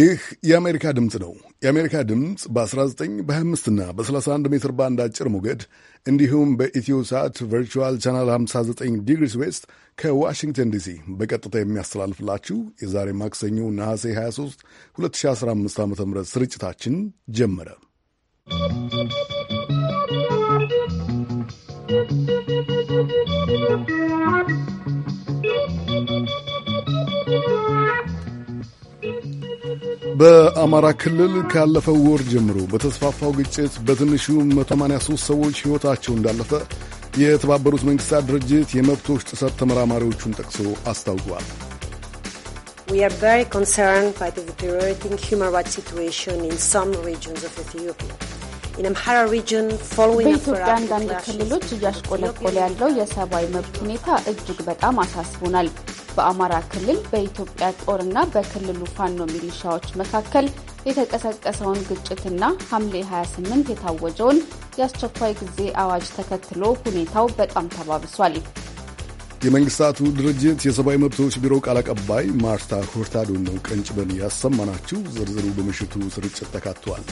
ይህ የአሜሪካ ድምፅ ነው። የአሜሪካ ድምፅ በ19 25 እና በ31 ሜትር ባንድ አጭር ሞገድ እንዲሁም በኢትዮ ሰዓት ቨርቹዋል ቻናል 59 ዲግሪስ ዌስት ከዋሽንግተን ዲሲ በቀጥታ የሚያስተላልፍላችሁ የዛሬ ማክሰኞ ነሐሴ 23 2015 ዓ ም ስርጭታችን ጀመረ። በአማራ ክልል ካለፈው ወር ጀምሮ በተስፋፋው ግጭት በትንሹ 183 ሰዎች ሕይወታቸው እንዳለፈ የተባበሩት መንግሥታት ድርጅት የመብቶች ጥሰት ተመራማሪዎቹን ጠቅሶ አስታውቋል። ኢትዮጵያ። በኢትዮጵያ አንዳንድ ክልሎች እያሽቆለቆለ ያለው የሰብአዊ መብት ሁኔታ እጅግ በጣም አሳስቦናል። በአማራ ክልል በኢትዮጵያ ጦርና በክልሉ ፋኖ ሚሊሻዎች መካከል የተቀሰቀሰውን ግጭትና ሐምሌ 28 የታወጀውን የአስቸኳይ ጊዜ አዋጅ ተከትሎ ሁኔታው በጣም ተባብሷል። የመንግስታቱ ድርጅት የሰብአዊ መብቶች ቢሮ ቃል አቀባይ ማርታ ሆርታዶን ነው ቀንጭበን ያሰማናችሁ። ዝርዝሩ በምሽቱ ስርጭት ተካቷል።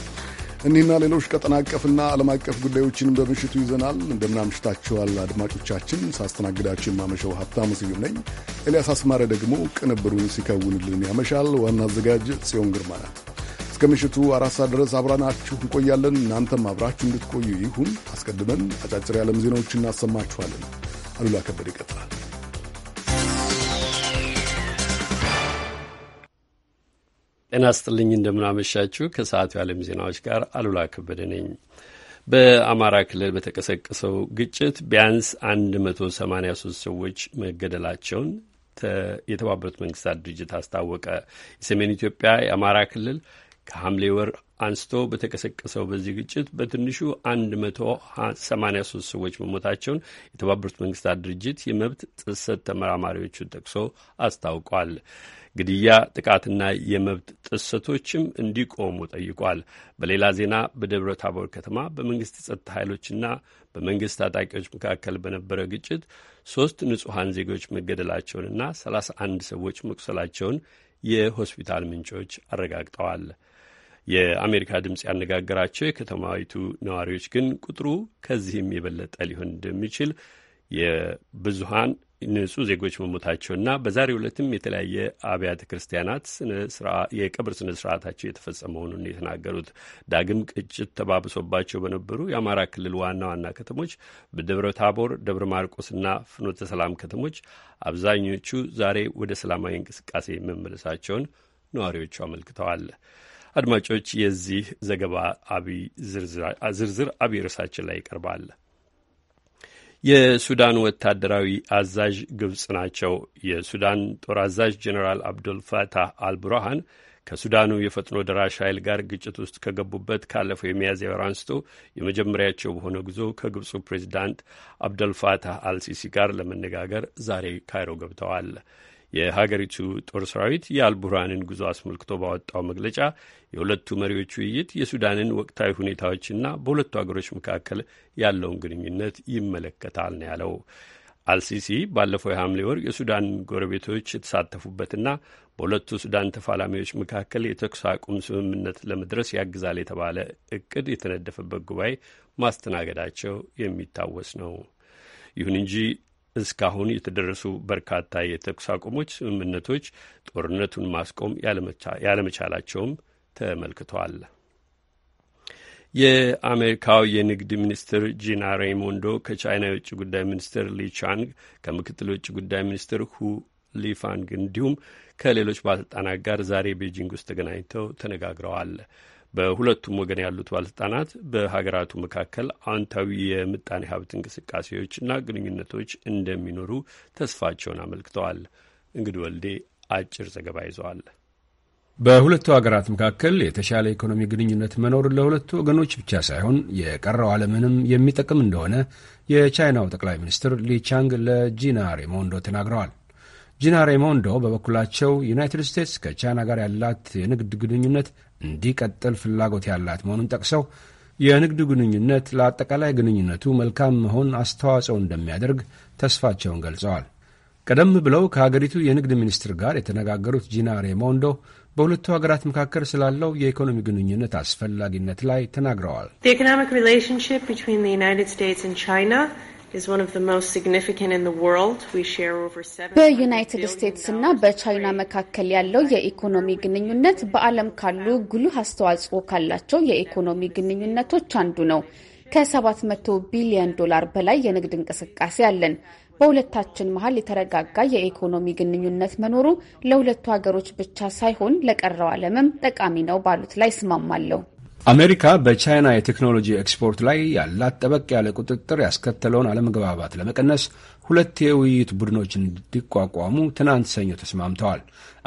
እኒህና ሌሎች ቀጠና አቀፍና ዓለም አቀፍ ጉዳዮችን በምሽቱ ይዘናል። እንደምናምሽታችኋል አድማጮቻችን። ሳስተናግዳችሁ የማመሸው ሀብታሙ ስዩም ነኝ። ኤልያስ አስማረ ደግሞ ቅንብሩን ሲከውንልን ያመሻል። ዋና አዘጋጅ ጽዮን ግርማ ናት። እስከ ምሽቱ አራት ሰዓት ድረስ አብራናችሁ እንቆያለን። እናንተም አብራችሁ እንድትቆዩ ይሁን። አስቀድመን አጫጭር የዓለም ዜናዎችን እናሰማችኋለን። አሉላ ከበደ ይቀጥላል። ጤና ስጥልኝ እንደምናመሻችሁ። ከሰዓቱ የዓለም ዜናዎች ጋር አሉላ ከበደ ነኝ። በአማራ ክልል በተቀሰቀሰው ግጭት ቢያንስ 183 ሰዎች መገደላቸውን የተባበሩት መንግስታት ድርጅት አስታወቀ። የሰሜን ኢትዮጵያ የአማራ ክልል ከሐምሌ ወር አንስቶ በተቀሰቀሰው በዚህ ግጭት በትንሹ 183 ሰዎች መሞታቸውን የተባበሩት መንግስታት ድርጅት የመብት ጥሰት ተመራማሪዎቹን ጠቅሶ አስታውቋል። ግድያ፣ ጥቃትና የመብት ጥሰቶችም እንዲቆሙ ጠይቋል። በሌላ ዜና በደብረ ታቦር ከተማ በመንግስት ጸጥታ ኃይሎችና በመንግስት ታጣቂዎች መካከል በነበረ ግጭት ሶስት ንጹሐን ዜጎች መገደላቸውንና 31 ሰዎች መቁሰላቸውን የሆስፒታል ምንጮች አረጋግጠዋል። የአሜሪካ ድምፅ ያነጋገራቸው የከተማዊቱ ነዋሪዎች ግን ቁጥሩ ከዚህም የበለጠ ሊሆን እንደሚችል የብዙሀን ንጹህ ዜጎች መሞታቸውና በዛሬው ዕለትም የተለያየ አብያተ ክርስቲያናት የቀብር ስነ ስርዓታቸው የተፈጸመ መሆኑን የተናገሩት ዳግም ግጭት ተባብሶባቸው በነበሩ የአማራ ክልል ዋና ዋና ከተሞች በደብረ ታቦር፣ ደብረ ማርቆስና ፍኖተ ሰላም ከተሞች አብዛኞቹ ዛሬ ወደ ሰላማዊ እንቅስቃሴ መመለሳቸውን ነዋሪዎቹ አመልክተዋል። አድማጮች፣ የዚህ ዘገባ ዝርዝር አብይ ርዕሳችን ላይ ይቀርባል። የሱዳን ወታደራዊ አዛዥ ግብጽ ናቸው። የሱዳን ጦር አዛዥ ጀኔራል አብዱልፈታህ አልቡርሃን ከሱዳኑ የፈጥኖ ደራሽ ኃይል ጋር ግጭት ውስጥ ከገቡበት ካለፈው የሚያዝያ ወር አንስቶ የመጀመሪያቸው በሆነ ጉዞ ከግብፁ ፕሬዚዳንት አብደልፋታህ አልሲሲ ጋር ለመነጋገር ዛሬ ካይሮ ገብተዋል። የሀገሪቱ ጦር ሰራዊት የአልቡርሃንን ጉዞ አስመልክቶ ባወጣው መግለጫ የሁለቱ መሪዎች ውይይት የሱዳንን ወቅታዊ ሁኔታዎችና በሁለቱ ሀገሮች መካከል ያለውን ግንኙነት ይመለከታል ነው ያለው። አልሲሲ ባለፈው የሐምሌ ወር የሱዳን ጎረቤቶች የተሳተፉበትና በሁለቱ ሱዳን ተፋላሚዎች መካከል የተኩስ አቁም ስምምነት ለመድረስ ያግዛል የተባለ እቅድ የተነደፈበት ጉባኤ ማስተናገዳቸው የሚታወስ ነው። ይሁን እንጂ እስካሁን የተደረሱ በርካታ የተኩስ አቁሞች ስምምነቶች ጦርነቱን ማስቆም ያለመቻላቸውም ተመልክተዋል። የአሜሪካው የንግድ ሚኒስትር ጂና ሬይሞንዶ ከቻይና የውጭ ጉዳይ ሚኒስትር ሊቻንግ ከምክትል የውጭ ጉዳይ ሚኒስትር ሁ ሊፋንግ እንዲሁም ከሌሎች ባለስልጣናት ጋር ዛሬ ቤጂንግ ውስጥ ተገናኝተው ተነጋግረዋል። በሁለቱም ወገን ያሉት ባለስልጣናት በሀገራቱ መካከል አዎንታዊ የምጣኔ ሀብት እንቅስቃሴዎችና ግንኙነቶች እንደሚኖሩ ተስፋቸውን አመልክተዋል። እንግዲህ ወልዴ አጭር ዘገባ ይዘዋል። በሁለቱ ሀገራት መካከል የተሻለ ኢኮኖሚ ግንኙነት መኖር ለሁለቱ ወገኖች ብቻ ሳይሆን የቀረው ዓለምንም የሚጠቅም እንደሆነ የቻይናው ጠቅላይ ሚኒስትር ሊቻንግ ለጂና ሬሞንዶ ተናግረዋል። ጂና ሬሞንዶ በበኩላቸው ዩናይትድ ስቴትስ ከቻይና ጋር ያላት የንግድ ግንኙነት እንዲቀጥል ፍላጎት ያላት መሆኑን ጠቅሰው የንግዱ ግንኙነት ለአጠቃላይ ግንኙነቱ መልካም መሆን አስተዋጽኦ እንደሚያደርግ ተስፋቸውን ገልጸዋል። ቀደም ብለው ከሀገሪቱ የንግድ ሚኒስትር ጋር የተነጋገሩት ጂና ሬሞንዶ በሁለቱ ሀገራት መካከል ስላለው የኢኮኖሚ ግንኙነት አስፈላጊነት ላይ ተናግረዋል። በዩናይትድ እና በቻይና መካከል ያለው የኢኮኖሚ ግንኙነት በዓለም ካሉ ጉልህ አስተዋጽኦ ካላቸው የኢኮኖሚ ግንኙነቶች አንዱ ነው። ከ700 ቢሊዮን ዶላር በላይ የንግድ እንቅስቃሴ አለን። በሁለታችን መሀል የተረጋጋ የኢኮኖሚ ግንኙነት መኖሩ ለሁለቱ ሀገሮች ብቻ ሳይሆን ለቀረው ዓለምም ጠቃሚ ነው ባሉት ላይ እስማማለሁ። አሜሪካ በቻይና የቴክኖሎጂ ኤክስፖርት ላይ ያላት ጠበቅ ያለ ቁጥጥር ያስከተለውን አለመግባባት ለመቀነስ ሁለት የውይይት ቡድኖች እንዲቋቋሙ ትናንት ሰኞ ተስማምተዋል።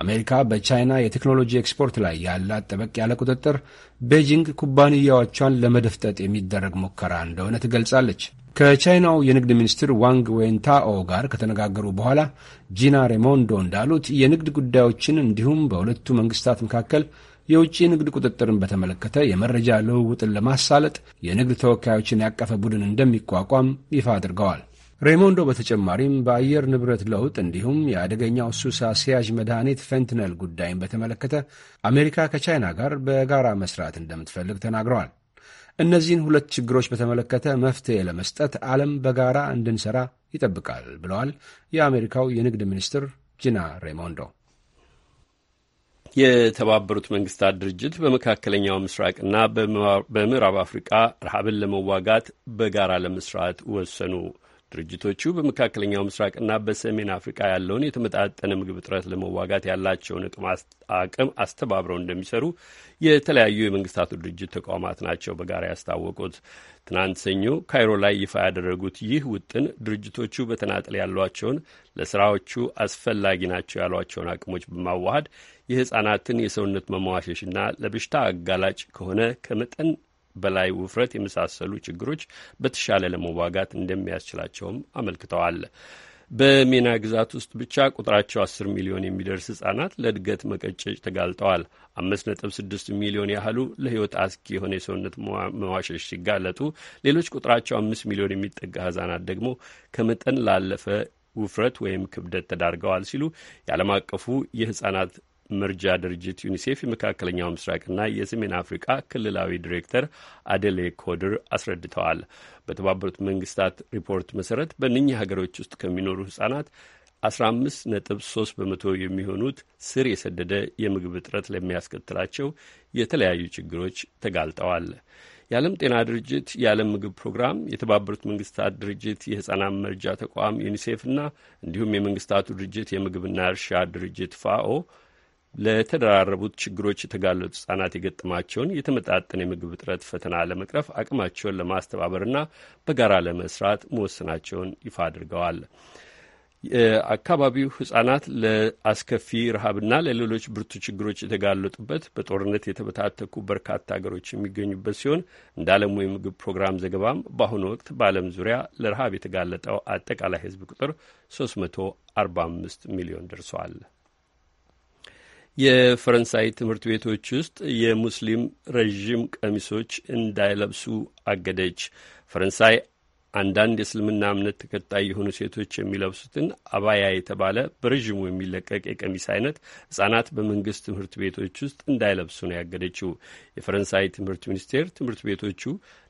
አሜሪካ በቻይና የቴክኖሎጂ ኤክስፖርት ላይ ያላት ጠበቅ ያለ ቁጥጥር ቤጂንግ ኩባንያዎቿን ለመደፍጠጥ የሚደረግ ሙከራ እንደሆነ ትገልጻለች። ከቻይናው የንግድ ሚኒስትር ዋንግ ዌንታኦ ጋር ከተነጋገሩ በኋላ ጂና ሬሞንዶ እንዳሉት የንግድ ጉዳዮችን እንዲሁም በሁለቱ መንግስታት መካከል የውጭ ንግድ ቁጥጥርን በተመለከተ የመረጃ ልውውጥን ለማሳለጥ የንግድ ተወካዮችን ያቀፈ ቡድን እንደሚቋቋም ይፋ አድርገዋል። ሬሞንዶ በተጨማሪም በአየር ንብረት ለውጥ እንዲሁም የአደገኛው ሱስ አስያዥ መድኃኒት ፌንትነል ጉዳይን በተመለከተ አሜሪካ ከቻይና ጋር በጋራ መስራት እንደምትፈልግ ተናግረዋል። እነዚህን ሁለት ችግሮች በተመለከተ መፍትሄ ለመስጠት ዓለም በጋራ እንድንሰራ ይጠብቃል ብለዋል የአሜሪካው የንግድ ሚኒስትር ጂና ሬሞንዶ። የተባበሩት መንግስታት ድርጅት በመካከለኛው ምስራቅና በምዕራብ አፍሪቃ ረሃብን ለመዋጋት በጋራ ለመስራት ወሰኑ። ድርጅቶቹ በመካከለኛው ምስራቅና በሰሜን አፍሪቃ ያለውን የተመጣጠነ ምግብ እጥረት ለመዋጋት ያላቸውን አቅም አስተባብረው እንደሚሰሩ የተለያዩ የመንግስታቱ ድርጅት ተቋማት ናቸው በጋራ ያስታወቁት። ትናንት ሰኞ ካይሮ ላይ ይፋ ያደረጉት ይህ ውጥን ድርጅቶቹ በተናጠል ያሏቸውን ለስራዎቹ አስፈላጊ ናቸው ያሏቸውን አቅሞች በማዋሃድ የሕፃናትን የሰውነት መሟሸሽና ለበሽታ አጋላጭ ከሆነ ከመጠን በላይ ውፍረት የመሳሰሉ ችግሮች በተሻለ ለመዋጋት እንደሚያስችላቸውም አመልክተዋል። በሜና ግዛት ውስጥ ብቻ ቁጥራቸው 10 ሚሊዮን የሚደርስ ሕፃናት ለእድገት መቀጨጭ ተጋልጠዋል። 5.6 ሚሊዮን ያህሉ ለህይወት አስጊ የሆነ የሰውነት መዋሸሽ ሲጋለጡ፣ ሌሎች ቁጥራቸው 5 ሚሊዮን የሚጠጋ ሕፃናት ደግሞ ከመጠን ላለፈ ውፍረት ወይም ክብደት ተዳርገዋል ሲሉ የዓለም አቀፉ የሕፃናት መርጃ ድርጅት ዩኒሴፍ የመካከለኛው ምስራቅና የሰሜን አፍሪካ ክልላዊ ዲሬክተር አደሌ ኮድር አስረድተዋል። በተባበሩት መንግስታት ሪፖርት መሰረት በእነኚህ ሀገሮች ውስጥ ከሚኖሩ ህጻናት 15 ነጥብ 3 በመቶ የሚሆኑት ስር የሰደደ የምግብ እጥረት ለሚያስከትላቸው የተለያዩ ችግሮች ተጋልጠዋል። የዓለም ጤና ድርጅት፣ የዓለም ምግብ ፕሮግራም፣ የተባበሩት መንግስታት ድርጅት የህፃናት መርጃ ተቋም ዩኒሴፍና እንዲሁም የመንግስታቱ ድርጅት የምግብና እርሻ ድርጅት ፋኦ ለተደራረቡት ችግሮች የተጋለጡ ህጻናት የገጠማቸውን የተመጣጠነ የምግብ እጥረት ፈተና ለመቅረፍ አቅማቸውን ለማስተባበርና በጋራ ለመስራት መወሰናቸውን ይፋ አድርገዋል። የአካባቢው ህጻናት ለአስከፊ ረሃብና ለሌሎች ብርቱ ችግሮች የተጋለጡበት በጦርነት የተበታተኩ በርካታ ሀገሮች የሚገኙበት ሲሆን እንደ ዓለሙ የምግብ ፕሮግራም ዘገባም በአሁኑ ወቅት በዓለም ዙሪያ ለረሃብ የተጋለጠው አጠቃላይ ህዝብ ቁጥር 345 ሚሊዮን ደርሷል። የፈረንሳይ ትምህርት ቤቶች ውስጥ የሙስሊም ረዥም ቀሚሶች እንዳይለብሱ አገደች። ፈረንሳይ አንዳንድ የእስልምና እምነት ተከታይ የሆኑ ሴቶች የሚለብሱትን አባያ የተባለ በረዥሙ የሚለቀቅ የቀሚስ አይነት ህጻናት በመንግስት ትምህርት ቤቶች ውስጥ እንዳይለብሱ ነው ያገደችው። የፈረንሳይ ትምህርት ሚኒስቴር ትምህርት ቤቶቹ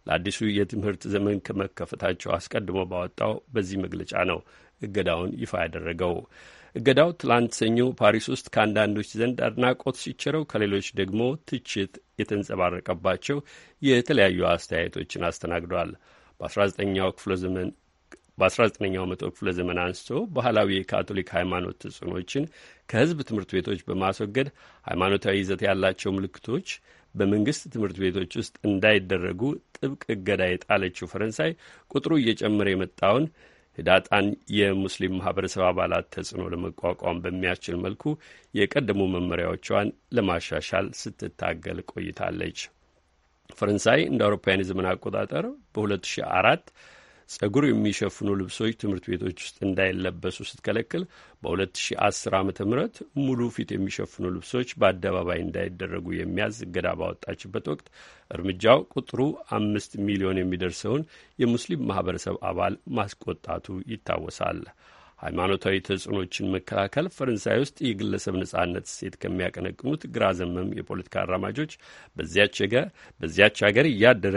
ለአዲሱ የትምህርት ዘመን ከመከፈታቸው አስቀድሞ ባወጣው በዚህ መግለጫ ነው እገዳውን ይፋ ያደረገው። እገዳው ትላንት ሰኞ ፓሪስ ውስጥ ከአንዳንዶች ዘንድ አድናቆት ሲቸረው፣ ከሌሎች ደግሞ ትችት የተንጸባረቀባቸው የተለያዩ አስተያየቶችን አስተናግደዋል በ በ19ኛው ክፍለ ዘመን በ19ኛው መቶ ክፍለ ዘመን አንስቶ ባህላዊ የካቶሊክ ሃይማኖት ተጽዕኖችን ከህዝብ ትምህርት ቤቶች በማስወገድ ሃይማኖታዊ ይዘት ያላቸው ምልክቶች በመንግስት ትምህርት ቤቶች ውስጥ እንዳይደረጉ ጥብቅ እገዳ የጣለችው ፈረንሳይ ቁጥሩ እየጨመረ የመጣውን ህዳጣን የሙስሊም ማህበረሰብ አባላት ተጽዕኖ ለመቋቋም በሚያስችል መልኩ የቀደሙ መመሪያዎቿን ለማሻሻል ስትታገል ቆይታለች። ፈረንሳይ እንደ አውሮፓውያን የዘመን አቆጣጠር በ2004 ጸጉር የሚሸፍኑ ልብሶች ትምህርት ቤቶች ውስጥ እንዳይለበሱ ስትከለክል በ2010 ዓ ም ሙሉ ፊት የሚሸፍኑ ልብሶች በአደባባይ እንዳይደረጉ የሚያዝ እገዳ ባወጣችበት ወቅት እርምጃው ቁጥሩ አምስት ሚሊዮን የሚደርሰውን የሙስሊም ማህበረሰብ አባል ማስቆጣቱ ይታወሳል። ሃይማኖታዊ ተጽዕኖችን መከላከል ፈረንሳይ ውስጥ የግለሰብ ነጻነት እሴት ከሚያቀነቅኑት ግራ ዘመም የፖለቲካ አራማጆች በዚያች ሀገር እያደረ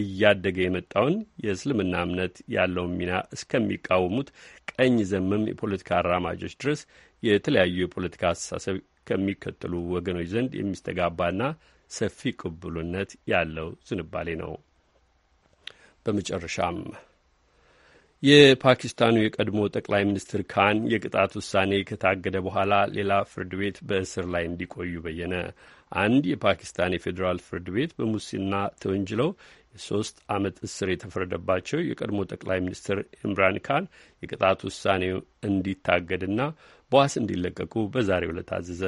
እያደገ የመጣውን የእስልምና እምነት ያለውን ሚና እስከሚቃወሙት ቀኝ ዘመም የፖለቲካ አራማጆች ድረስ የተለያዩ የፖለቲካ አስተሳሰብ ከሚከተሉ ወገኖች ዘንድ የሚስተጋባና ሰፊ ቅቡልነት ያለው ዝንባሌ ነው። በመጨረሻም የፓኪስታኑ የቀድሞ ጠቅላይ ሚኒስትር ካን የቅጣት ውሳኔ ከታገደ በኋላ ሌላ ፍርድ ቤት በእስር ላይ እንዲቆዩ በየነ። አንድ የፓኪስታን የፌዴራል ፍርድ ቤት በሙስና ተወንጅለው ሶስት ዓመት እስር የተፈረደባቸው የቀድሞ ጠቅላይ ሚኒስትር ኢምራን ካን የቅጣት ውሳኔው እንዲታገድና በዋስ እንዲለቀቁ በዛሬው ዕለት አዘዘ።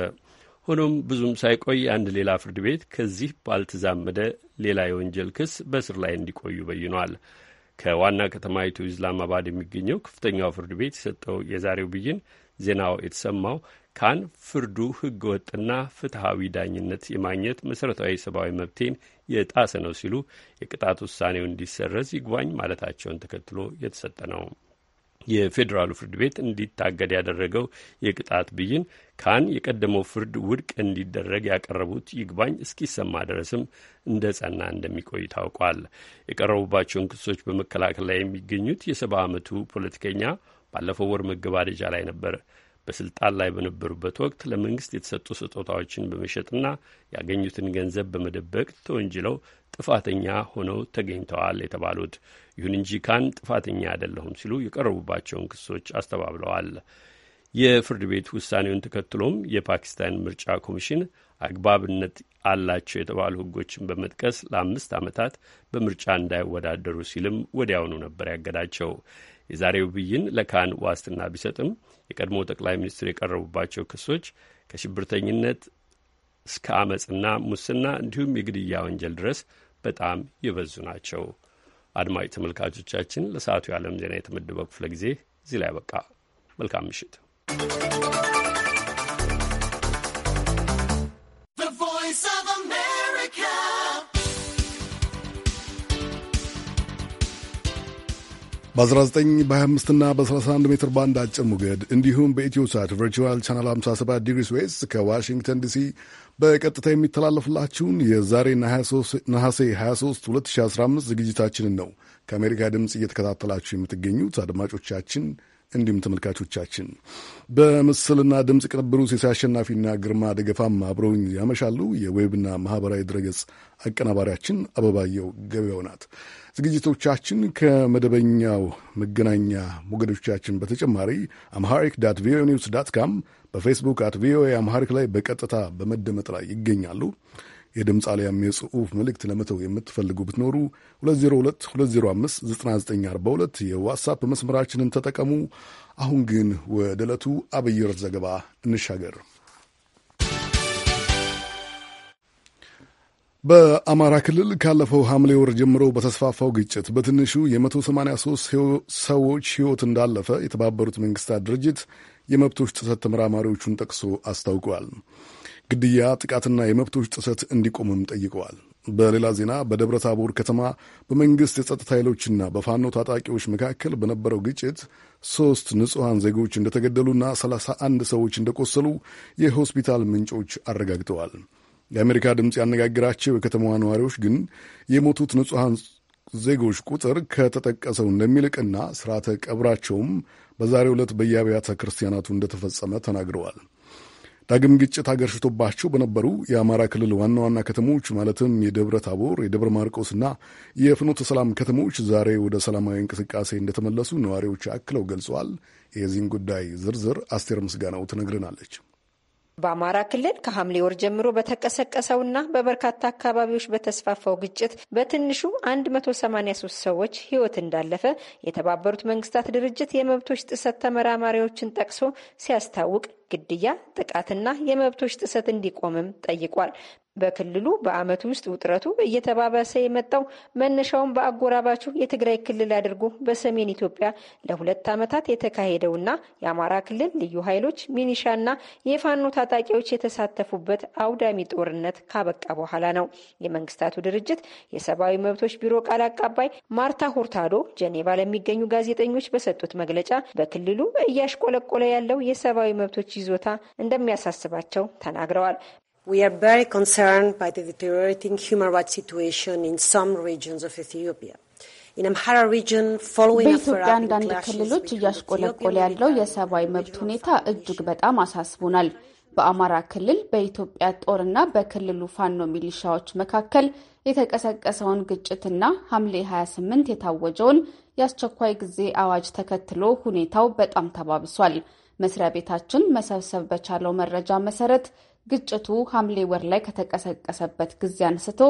ሆኖም ብዙም ሳይቆይ አንድ ሌላ ፍርድ ቤት ከዚህ ባልተዛመደ ሌላ የወንጀል ክስ በእስር ላይ እንዲቆዩ በይኗል። ከዋና ከተማይቱ ኢስላማባድ የሚገኘው ከፍተኛው ፍርድ ቤት የሰጠው የዛሬው ብይን ዜናው የተሰማው ካን ፍርዱ ህገወጥና ወጥና ፍትሐዊ ዳኝነት የማግኘት መሠረታዊ ሰብአዊ መብቴን የጣሰ ነው ሲሉ የቅጣት ውሳኔው እንዲሰረዝ ይግባኝ ማለታቸውን ተከትሎ የተሰጠ ነው። የፌዴራሉ ፍርድ ቤት እንዲታገድ ያደረገው የቅጣት ብይን ካን የቀደመው ፍርድ ውድቅ እንዲደረግ ያቀረቡት ይግባኝ እስኪሰማ ድረስም እንደ ጸና እንደሚቆይ ታውቋል። የቀረቡባቸውን ክሶች በመከላከል ላይ የሚገኙት የሰባ ዓመቱ ፖለቲከኛ ባለፈው ወር መገባደጃ ላይ ነበር በስልጣን ላይ በነበሩበት ወቅት ለመንግስት የተሰጡ ስጦታዎችን በመሸጥና ያገኙትን ገንዘብ በመደበቅ ተወንጅለው ጥፋተኛ ሆነው ተገኝተዋል የተባሉት ይሁን እንጂ ካን ጥፋተኛ አይደለሁም ሲሉ የቀረቡባቸውን ክሶች አስተባብለዋል። የፍርድ ቤት ውሳኔውን ተከትሎም የፓኪስታን ምርጫ ኮሚሽን አግባብነት አላቸው የተባሉ ህጎችን በመጥቀስ ለአምስት ዓመታት በምርጫ እንዳይወዳደሩ ሲልም ወዲያውኑ ነበር ያገዳቸው። የዛሬው ብይን ለካን ዋስትና ቢሰጥም የቀድሞ ጠቅላይ ሚኒስትር የቀረቡባቸው ክሶች ከሽብርተኝነት እስከ አመፅና ሙስና እንዲሁም የግድያ ወንጀል ድረስ በጣም የበዙ ናቸው። አድማጭ ተመልካቾቻችን ለሰዓቱ የዓለም ዜና የተመደበው ክፍለ ጊዜ እዚህ ላይ ያበቃ። መልካም ምሽት። በ19 በ25 እና በ31 ሜትር ባንድ አጭር ሞገድ እንዲሁም ሳት ቨርቹዋል ቻናል 57 ዲግሪስ ዌስት ከዋሽንግተን ዲሲ በቀጥታ የሚተላለፍላችሁን የዛሬ ነሐሴ 23 2015 ዝግጅታችንን ነው ከአሜሪካ ድምፅ እየተከታተላችሁ የምትገኙት አድማጮቻችን፣ እንዲሁም ተመልካቾቻችን። በምስልና ድምፅ ቅንብሩ ሴሴ አሸናፊና ግርማ ደገፋም አብረውኝ ያመሻሉ። የዌብና ማህበራዊ ድረገጽ አቀናባሪያችን አበባየው ገበያው ናት። ዝግጅቶቻችን ከመደበኛው መገናኛ ሞገዶቻችን በተጨማሪ አምሃሪክ ዳት ቪኦኤ ኒውስ ዳት ካም፣ በፌስቡክ አት ቪኦኤ አምሃሪክ ላይ በቀጥታ በመደመጥ ላይ ይገኛሉ። የድምፅ አሊያም የጽሑፍ መልእክት ለመተው የምትፈልጉ ብትኖሩ 2022059942 የዋትሳፕ መስመራችንን ተጠቀሙ። አሁን ግን ወደ ዕለቱ አብየር ዘገባ እንሻገር። በአማራ ክልል ካለፈው ሐምሌ ወር ጀምሮ በተስፋፋው ግጭት በትንሹ የ183 ሰዎች ሕይወት እንዳለፈ የተባበሩት መንግስታት ድርጅት የመብቶች ጥሰት ተመራማሪዎቹን ጠቅሶ አስታውቀዋል። ግድያ፣ ጥቃትና የመብቶች ጥሰት እንዲቆምም ጠይቀዋል። በሌላ ዜና በደብረ ታቦር ከተማ በመንግሥት የጸጥታ ኃይሎችና በፋኖ ታጣቂዎች መካከል በነበረው ግጭት ሦስት ንጹሐን ዜጎች እንደተገደሉና 31 ሰዎች እንደቆሰሉ የሆስፒታል ምንጮች አረጋግጠዋል። የአሜሪካ ድምፅ ያነጋግራቸው የከተማዋ ነዋሪዎች ግን የሞቱት ንጹሐን ዜጎች ቁጥር ከተጠቀሰው እንደሚልቅና ስርዓተ ቀብራቸውም በዛሬ ዕለት በየአብያተ ክርስቲያናቱ እንደተፈጸመ ተናግረዋል። ዳግም ግጭት አገርሽቶባቸው በነበሩ የአማራ ክልል ዋና ዋና ከተሞች ማለትም የደብረ ታቦር፣ የደብረ ማርቆስና የፍኖተ ሰላም ከተሞች ዛሬ ወደ ሰላማዊ እንቅስቃሴ እንደተመለሱ ነዋሪዎች አክለው ገልጸዋል። የዚህን ጉዳይ ዝርዝር አስቴር ምስጋናው ትነግረናለች። በአማራ ክልል ከሐምሌ ወር ጀምሮ በተቀሰቀሰውና በበርካታ አካባቢዎች በተስፋፋው ግጭት በትንሹ 183 ሰዎች ሕይወት እንዳለፈ የተባበሩት መንግስታት ድርጅት የመብቶች ጥሰት ተመራማሪዎችን ጠቅሶ ሲያስታውቅ ግድያ፣ ጥቃትና የመብቶች ጥሰት እንዲቆምም ጠይቋል። በክልሉ በዓመቱ ውስጥ ውጥረቱ እየተባባሰ የመጣው መነሻውን በአጎራባቹ የትግራይ ክልል አድርጎ በሰሜን ኢትዮጵያ ለሁለት ዓመታት የተካሄደውና የአማራ ክልል ልዩ ኃይሎች ሚኒሻና የፋኖ ታጣቂዎች የተሳተፉበት አውዳሚ ጦርነት ካበቃ በኋላ ነው። የመንግስታቱ ድርጅት የሰብአዊ መብቶች ቢሮ ቃል አቀባይ ማርታ ሁርታዶ ጀኔቫ ለሚገኙ ጋዜጠኞች በሰጡት መግለጫ በክልሉ እያሽቆለቆለ ያለው የሰብአዊ መብቶች ይዞታ እንደሚያሳስባቸው ተናግረዋል። We are very concerned by the deteriorating human rights situation in some regions of Ethiopia. በኢትዮጵያ አንዳንድ ክልሎች እያሽቆለቆለ ያለው የሰብአዊ መብት ሁኔታ እጅግ በጣም አሳስቦናል። በአማራ ክልል በኢትዮጵያ ጦርና በክልሉ ፋኖ ሚሊሻዎች መካከል የተቀሰቀሰውን ግጭትና ሐምሌ 28 የታወጀውን የአስቸኳይ ጊዜ አዋጅ ተከትሎ ሁኔታው በጣም ተባብሷል። መስሪያ ቤታችን መሰብሰብ በቻለው መረጃ መሰረት ግጭቱ ሐምሌ ወር ላይ ከተቀሰቀሰበት ጊዜ አንስቶ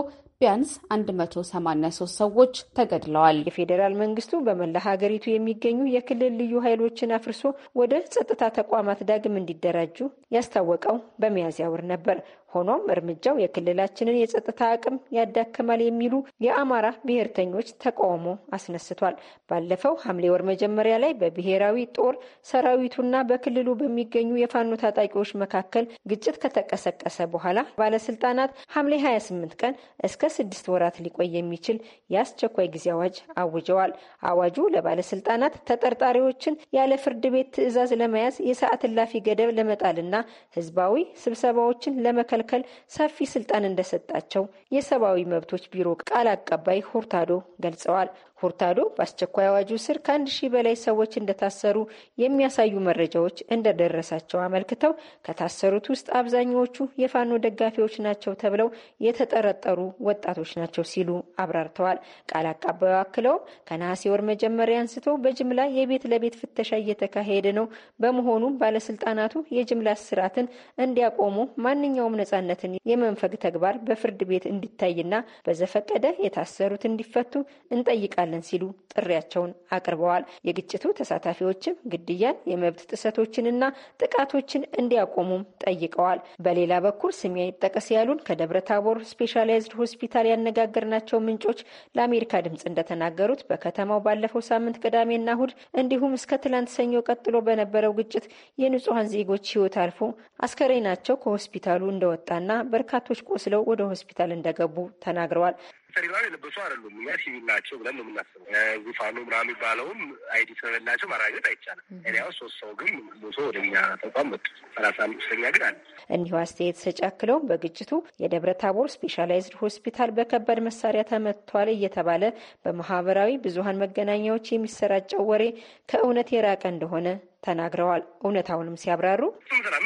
ቢያንስ 183 ሰዎች ተገድለዋል። የፌዴራል መንግስቱ በመላ ሀገሪቱ የሚገኙ የክልል ልዩ ኃይሎችን አፍርሶ ወደ ጸጥታ ተቋማት ዳግም እንዲደራጁ ያስታወቀው በሚያዝያ ወር ነበር። ሆኖም እርምጃው የክልላችንን የጸጥታ አቅም ያዳክማል የሚሉ የአማራ ብሔርተኞች ተቃውሞ አስነስቷል። ባለፈው ሐምሌ ወር መጀመሪያ ላይ በብሔራዊ ጦር ሰራዊቱና በክልሉ በሚገኙ የፋኖ ታጣቂዎች መካከል ግጭት ከተቀሰቀሰ በኋላ ባለስልጣናት ሐምሌ 28 ቀን እስከ ለስድስት ወራት ሊቆይ የሚችል የአስቸኳይ ጊዜ አዋጅ አውጀዋል። አዋጁ ለባለስልጣናት ተጠርጣሪዎችን ያለ ፍርድ ቤት ትዕዛዝ ለመያዝ የሰዓት እላፊ ገደብ ለመጣልና ህዝባዊ ስብሰባዎችን ለመከልከል ሰፊ ስልጣን እንደሰጣቸው የሰብአዊ መብቶች ቢሮ ቃል አቀባይ ሁርታዶ ገልጸዋል። ሁርታዶ በአስቸኳይ አዋጁ ስር ከአንድ ሺህ በላይ ሰዎች እንደታሰሩ የሚያሳዩ መረጃዎች እንደደረሳቸው አመልክተው ከታሰሩት ውስጥ አብዛኛዎቹ የፋኖ ደጋፊዎች ናቸው ተብለው የተጠረጠሩ ወጣቶች ናቸው ሲሉ አብራርተዋል። ቃል አቀባዩ አክለውም ከነሐሴ ወር መጀመሪያ አንስቶ በጅምላ የቤት ለቤት ፍተሻ እየተካሄደ ነው። በመሆኑም ባለስልጣናቱ የጅምላ ስርዓትን እንዲያቆሙ ማንኛውም ነጻነትን የመንፈግ ተግባር በፍርድ ቤት እንዲታይና በዘፈቀደ የታሰሩት እንዲፈቱ እንጠይቃለን እንሰራለን ሲሉ ጥሪያቸውን አቅርበዋል። የግጭቱ ተሳታፊዎችም ግድያን፣ የመብት ጥሰቶችንና ጥቃቶችን እንዲያቆሙም ጠይቀዋል። በሌላ በኩል ስሜ ይጠቀስ ያሉን ከደብረ ታቦር ስፔሻላይዝድ ሆስፒታል ያነጋገርናቸው ምንጮች ለአሜሪካ ድምፅ እንደተናገሩት በከተማው ባለፈው ሳምንት ቅዳሜና እሁድ እንዲሁም እስከ ትላንት ሰኞ ቀጥሎ በነበረው ግጭት የንጹሐን ዜጎች ሕይወት አልፎ አስከሬናቸው ከሆስፒታሉ እንደወጣና በርካቶች ቆስለው ወደ ሆስፒታል እንደገቡ ተናግረዋል። ተሪባብ የለበሱ አይደሉም። እኛ ሲቪል ናቸው ብለን ነው የምናስበው። ዙፋኑ ምናምን የሚባለውም አይዲ ስለሌላቸው ማረጋገጥ አይቻልም። ኤሪያውስ ሶስት ሰው ግን ሞቶ ወደ እኛ ተቋም መጡ። ሰላሳ አምስተኛ ግን አለ። እኒሁ አስተያየት ሰጪ አክለው በግጭቱ የደብረ ታቦር ስፔሻላይዝድ ሆስፒታል በከባድ መሳሪያ ተመቷል እየተባለ በማህበራዊ ብዙሀን መገናኛዎች የሚሰራጨው ወሬ ከእውነት የራቀ እንደሆነ ተናግረዋል። እውነታውንም ሲያብራሩ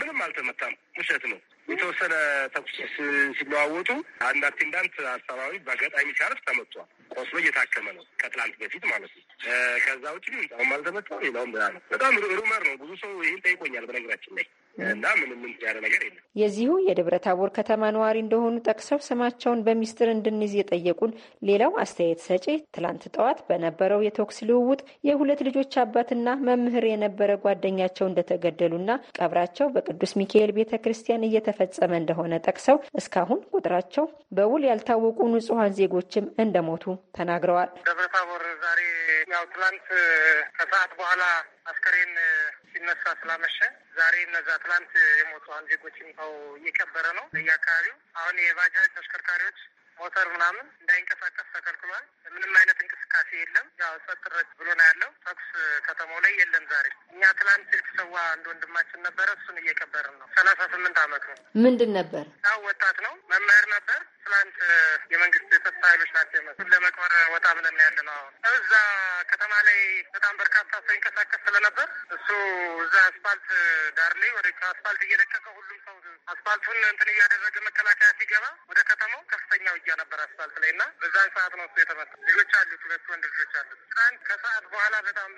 ምንም አልተመታም፣ ውሸት ነው የተወሰነ ተኩስ ሲለዋወጡ አንድ አቴንዳንት አስተባባሪ በአጋጣሚ ሲያርፍ ተመቷል። ቆስሎ እየታከመ ነው፣ ከትላንት በፊት ማለት ነው። ከዛ ውጭ ግን አሁን አልተመታም። ሌላውም በጣም ሩመር ነው። ብዙ ሰው ይህን ጠይቆኛል። በነገራችን ላይ እና ምንም ያለ ነገር የለም። የዚሁ የደብረ ታቦር ከተማ ነዋሪ እንደሆኑ ጠቅሰው ስማቸውን በሚስጥር እንድንይዝ የጠየቁን ሌላው አስተያየት ሰጪ ትላንት ጠዋት በነበረው የተኩስ ልውውጥ የሁለት ልጆች አባትና መምህር የነበረ ጓደኛቸው እንደተገደሉና ቀብራቸው በቅዱስ ሚካኤል ቤተ ክርስቲያን እየተፈጸመ እንደሆነ ጠቅሰው እስካሁን ቁጥራቸው በውል ያልታወቁ ንጹሐን ዜጎችም እንደሞቱ ተናግረዋል። ደብረ ታቦር ዛሬ ያው ትላንት ከሰዓት በኋላ አስከሬን ሲነሳ ስላመሸ ዛሬ እነዛ ትላንት የሞቱን ዜጎች ይምታው እየከበረ ነው በየአካባቢው። አሁን የባጃጅ ተሽከርካሪዎች ሞተር ምናምን እንዳይንቀሳቀስ ተከልክሏል። ምንም አይነት እንቅስቃሴ የለም። ያው ጸጥ ረጭ ብሎ ነው ያለው። ተኩስ ከተማው ላይ የለም። ዛሬ እኛ ትላንት የተሰዋ አንድ ወንድማችን ነበረ። እሱን እየቀበርን ነው። ሰላሳ ስምንት አመት ነው። ምንድን ነበር ያው ወጣት ነው መምህር ነበር ስምንት የመንግስት የጸጥታ ኃይሎች ናቸው ይመስል ለመቅበር ወጣ ብለን ያለ ነው። እዛ ከተማ ላይ በጣም በርካታ ሰው ይንቀሳቀስ ስለነበር እሱ እዛ አስፋልት ዳር ላይ ወደ አስፋልት እየለቀቀ ሁሉም ሰው አስፋልቱን እንትን እያደረገ መከላከያ ሲገባ ወደ ከተማው ከፍተኛ ውጊያ ነበር አስፋልት ላይ እና በዛን ሰዓት ነው እሱ የተመታ። ልጆች አሉት፣ ሁለት ወንድ ልጆች አሉት። ትናንት ከሰዓት በኋላ በጣም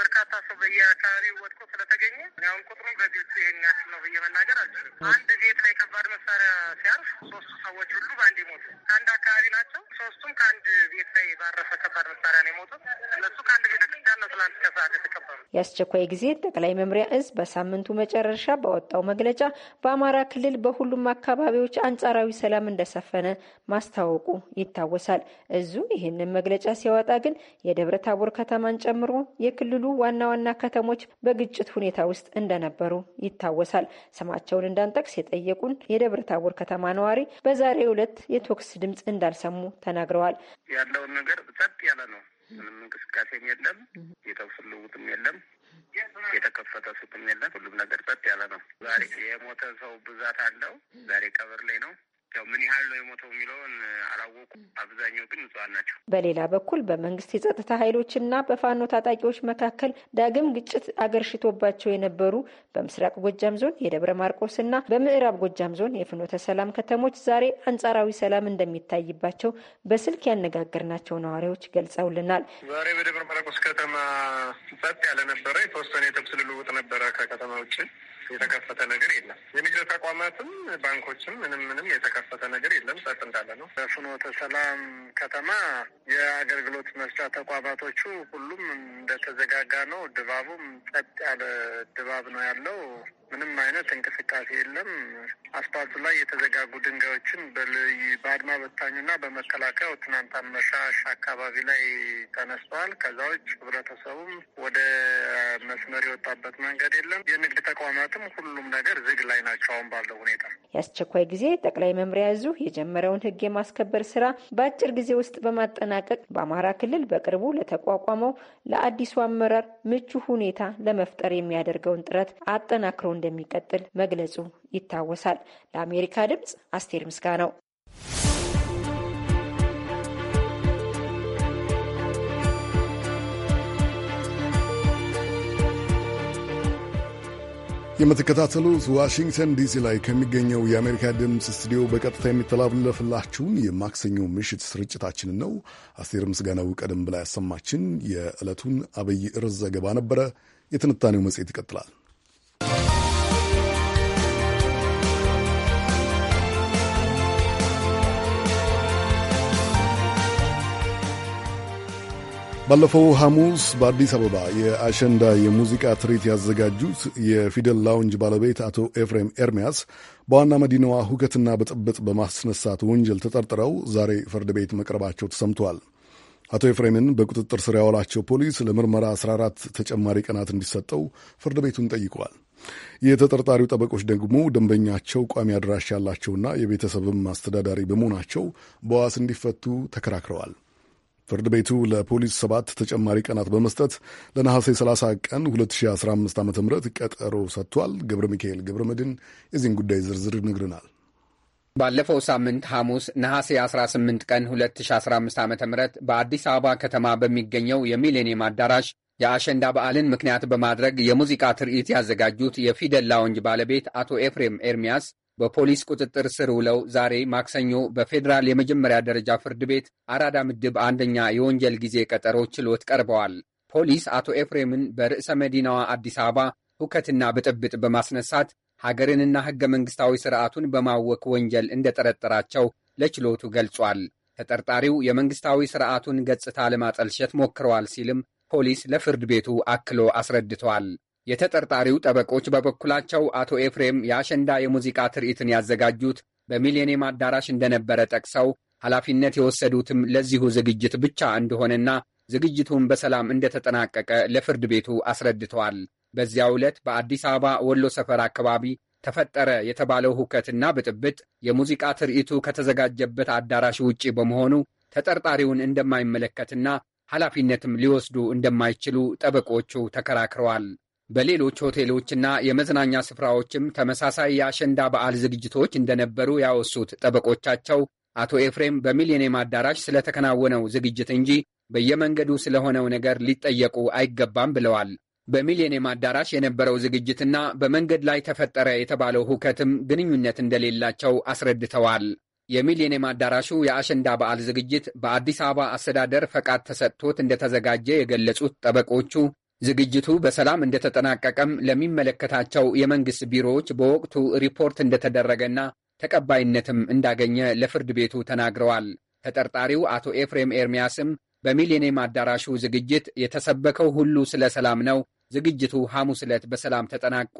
በርካታ ሰው በየአካባቢው ወጥቆ ስለተገኘ አሁን ቁጥሩን በግልጽ ይሄን ያክል ነው ብዬ መናገር አልችልም። አንድ ቤት ላይ ከባድ መሳሪያ ሲያርፍ ሶስቱ ሰዎች ሁሉ በአንድ ሞቱ። ከአንድ አካባቢ ናቸው። ሶስቱም ከአንድ ቤት ላይ ባረፈ ከባድ መሳሪያ ነው የሞቱት። እነሱ ከአንድ ቤተክርስቲያን ነው ትናንት ከሰዓት የተቀበሩ። የአስቸኳይ ጊዜ ጠቅላይ መምሪያ እዝ በሳምንቱ መጨረሻ በወጣው መግለጫ በአማራ ክልል በሁሉም አካባቢዎች አንጻራዊ ሰላም እንደሰፈነ ማስታወቁ ይታወሳል። እዙ ይህንን መግለጫ ሲያወጣ ግን የደብረ ታቦር ከተማን ጨምሮ የክልሉ ዋና ዋና ከተሞች በግጭት ሁኔታ ውስጥ እንደነበሩ ይታወሳል። ስማቸውን እንዳንጠቅስ የጠየቁን የደብረ ታቦር ከተማ ነዋሪ በዛሬው ዕለት የቶክስ ድምፅ እንዳልሰሙ ተናግረዋል። ያለውን ነገር ጸጥ ያለ ነው። ምንም እንቅስቃሴም የለም፣ የተኩስ ልውውጥም የለም። የተከፈተ ሱቅም የለም። ሁሉም ነገር ጸጥ ያለ ነው። ዛሬ የሞተ ሰው ብዛት አለው። ዛሬ ቀብር ላይ ነው። ያው ምን ያህል ነው የሞተው የሚለውን አላወቁም። አብዛኛው ግን ንጹሐን ናቸው። በሌላ በኩል በመንግስት የጸጥታ ኃይሎችና በፋኖ ታጣቂዎች መካከል ዳግም ግጭት አገርሽቶባቸው የነበሩ በምስራቅ ጎጃም ዞን የደብረ ማርቆስ እና በምዕራብ ጎጃም ዞን የፍኖተ ሰላም ከተሞች ዛሬ አንጻራዊ ሰላም እንደሚታይባቸው በስልክ ያነጋገርናቸው ነዋሪዎች ገልጸውልናል። ዛሬ በደብረ ማርቆስ ከተማ ጸጥ ያለ ነበረ። የተወሰነ የተኩስ ልውውጥ ነበረ ከከተማ ውጭ የተከፈተ ነገር የለም። የንግድ ተቋማትም ባንኮችም ምንም ምንም የተከፈተ ነገር የለም። ጸጥ እንዳለ ነው። በፍኖተ ሰላም ከተማ የአገልግሎት መስጫ ተቋማቶቹ ሁሉም እንደተዘጋጋ ነው። ድባቡም ጸጥ ያለ ድባብ ነው ያለው። ምንም አይነት እንቅስቃሴ የለም። አስፓልቱ ላይ የተዘጋጉ ድንጋዮችን በአድማ በታኙና በመከላከያው ትናንት አመሻሽ አካባቢ ላይ ተነስተዋል። ከዛዎች ህብረተሰቡም ወደ መስመር የወጣበት መንገድ የለም። የንግድ ተቋማትም ሁሉም ነገር ዝግ ላይ ናቸው። አሁን ባለው ሁኔታ የአስቸኳይ ጊዜ ጠቅላይ መምሪያ እዙ የጀመረውን ህግ የማስከበር ስራ በአጭር ጊዜ ውስጥ በማጠናቀቅ በአማራ ክልል በቅርቡ ለተቋቋመው ለአዲሱ አመራር ምቹ ሁኔታ ለመፍጠር የሚያደርገውን ጥረት አጠናክሮ እንደሚቀጥል መግለጹ ይታወሳል። ለአሜሪካ ድምፅ አስቴር ምስጋናው። የምትከታተሉት ዋሽንግተን ዲሲ ላይ ከሚገኘው የአሜሪካ ድምፅ ስቱዲዮ በቀጥታ የሚተላለፍላችሁን የማክሰኞ ምሽት ስርጭታችንን ነው። አስቴር ምስጋናው ቀደም ብላ ያሰማችን የዕለቱን አብይ ርዕስ ዘገባ ነበረ። የትንታኔው መጽሔት ይቀጥላል። ባለፈው ሐሙስ በአዲስ አበባ የአሸንዳ የሙዚቃ ትርኢት ያዘጋጁት የፊደል ላውንጅ ባለቤት አቶ ኤፍሬም ኤርሚያስ በዋና መዲናዋ ሁከትና ብጥብጥ በማስነሳት ወንጀል ተጠርጥረው ዛሬ ፍርድ ቤት መቅረባቸው ተሰምተዋል። አቶ ኤፍሬምን በቁጥጥር ስር ያዋላቸው ፖሊስ ለምርመራ 14 ተጨማሪ ቀናት እንዲሰጠው ፍርድ ቤቱን ጠይቀዋል። የተጠርጣሪው ጠበቆች ደግሞ ደንበኛቸው ቋሚ አድራሻ ያላቸውና የቤተሰብም አስተዳዳሪ በመሆናቸው በዋስ እንዲፈቱ ተከራክረዋል። ፍርድ ቤቱ ለፖሊስ ሰባት ተጨማሪ ቀናት በመስጠት ለነሐሴ 30 ቀን 2015 ዓ ም ቀጠሮ ሰጥቷል። ገብረ ሚካኤል ገብረ መድን የዚህን ጉዳይ ዝርዝር ይነግርናል። ባለፈው ሳምንት ሐሙስ ነሐሴ 18 ቀን 2015 ዓ ም በአዲስ አበባ ከተማ በሚገኘው የሚሌኒየም አዳራሽ የአሸንዳ በዓልን ምክንያት በማድረግ የሙዚቃ ትርኢት ያዘጋጁት የፊደል ላውንጅ ባለቤት አቶ ኤፍሬም ኤርሚያስ በፖሊስ ቁጥጥር ስር ውለው ዛሬ ማክሰኞ በፌዴራል የመጀመሪያ ደረጃ ፍርድ ቤት አራዳ ምድብ አንደኛ የወንጀል ጊዜ ቀጠሮ ችሎት ቀርበዋል። ፖሊስ አቶ ኤፍሬምን በርዕሰ መዲናዋ አዲስ አበባ ሁከትና ብጥብጥ በማስነሳት ሀገርንና ሕገ መንግሥታዊ ሥርዓቱን በማወክ ወንጀል እንደጠረጠራቸው ለችሎቱ ገልጿል። ተጠርጣሪው የመንግሥታዊ ሥርዓቱን ገጽታ ለማጠልሸት ሞክረዋል ሲልም ፖሊስ ለፍርድ ቤቱ አክሎ አስረድቷል። የተጠርጣሪው ጠበቆች በበኩላቸው አቶ ኤፍሬም የአሸንዳ የሙዚቃ ትርኢትን ያዘጋጁት በሚሌኒየም አዳራሽ እንደነበረ ጠቅሰው ኃላፊነት የወሰዱትም ለዚሁ ዝግጅት ብቻ እንደሆነና ዝግጅቱን በሰላም እንደተጠናቀቀ ለፍርድ ቤቱ አስረድተዋል። በዚያ ዕለት በአዲስ አበባ ወሎ ሰፈር አካባቢ ተፈጠረ የተባለው ሁከትና ብጥብጥ የሙዚቃ ትርኢቱ ከተዘጋጀበት አዳራሽ ውጪ በመሆኑ ተጠርጣሪውን እንደማይመለከትና ኃላፊነትም ሊወስዱ እንደማይችሉ ጠበቆቹ ተከራክረዋል። በሌሎች ሆቴሎችና የመዝናኛ ስፍራዎችም ተመሳሳይ የአሸንዳ በዓል ዝግጅቶች እንደነበሩ ያወሱት ጠበቆቻቸው አቶ ኤፍሬም በሚሊኒየም አዳራሽ ስለተከናወነው ዝግጅት እንጂ በየመንገዱ ስለሆነው ነገር ሊጠየቁ አይገባም ብለዋል። በሚሊኒየም አዳራሽ የነበረው ዝግጅትና በመንገድ ላይ ተፈጠረ የተባለው ሁከትም ግንኙነት እንደሌላቸው አስረድተዋል። የሚሊኒየም አዳራሹ የአሸንዳ በዓል ዝግጅት በአዲስ አበባ አስተዳደር ፈቃድ ተሰጥቶት እንደተዘጋጀ የገለጹት ጠበቆቹ ዝግጅቱ በሰላም እንደተጠናቀቀም ለሚመለከታቸው የመንግሥት ቢሮዎች በወቅቱ ሪፖርት እንደተደረገና ተቀባይነትም እንዳገኘ ለፍርድ ቤቱ ተናግረዋል። ተጠርጣሪው አቶ ኤፍሬም ኤርሚያስም በሚሊኒየም አዳራሹ ዝግጅት የተሰበከው ሁሉ ስለ ሰላም ነው። ዝግጅቱ ሐሙስ ዕለት በሰላም ተጠናቆ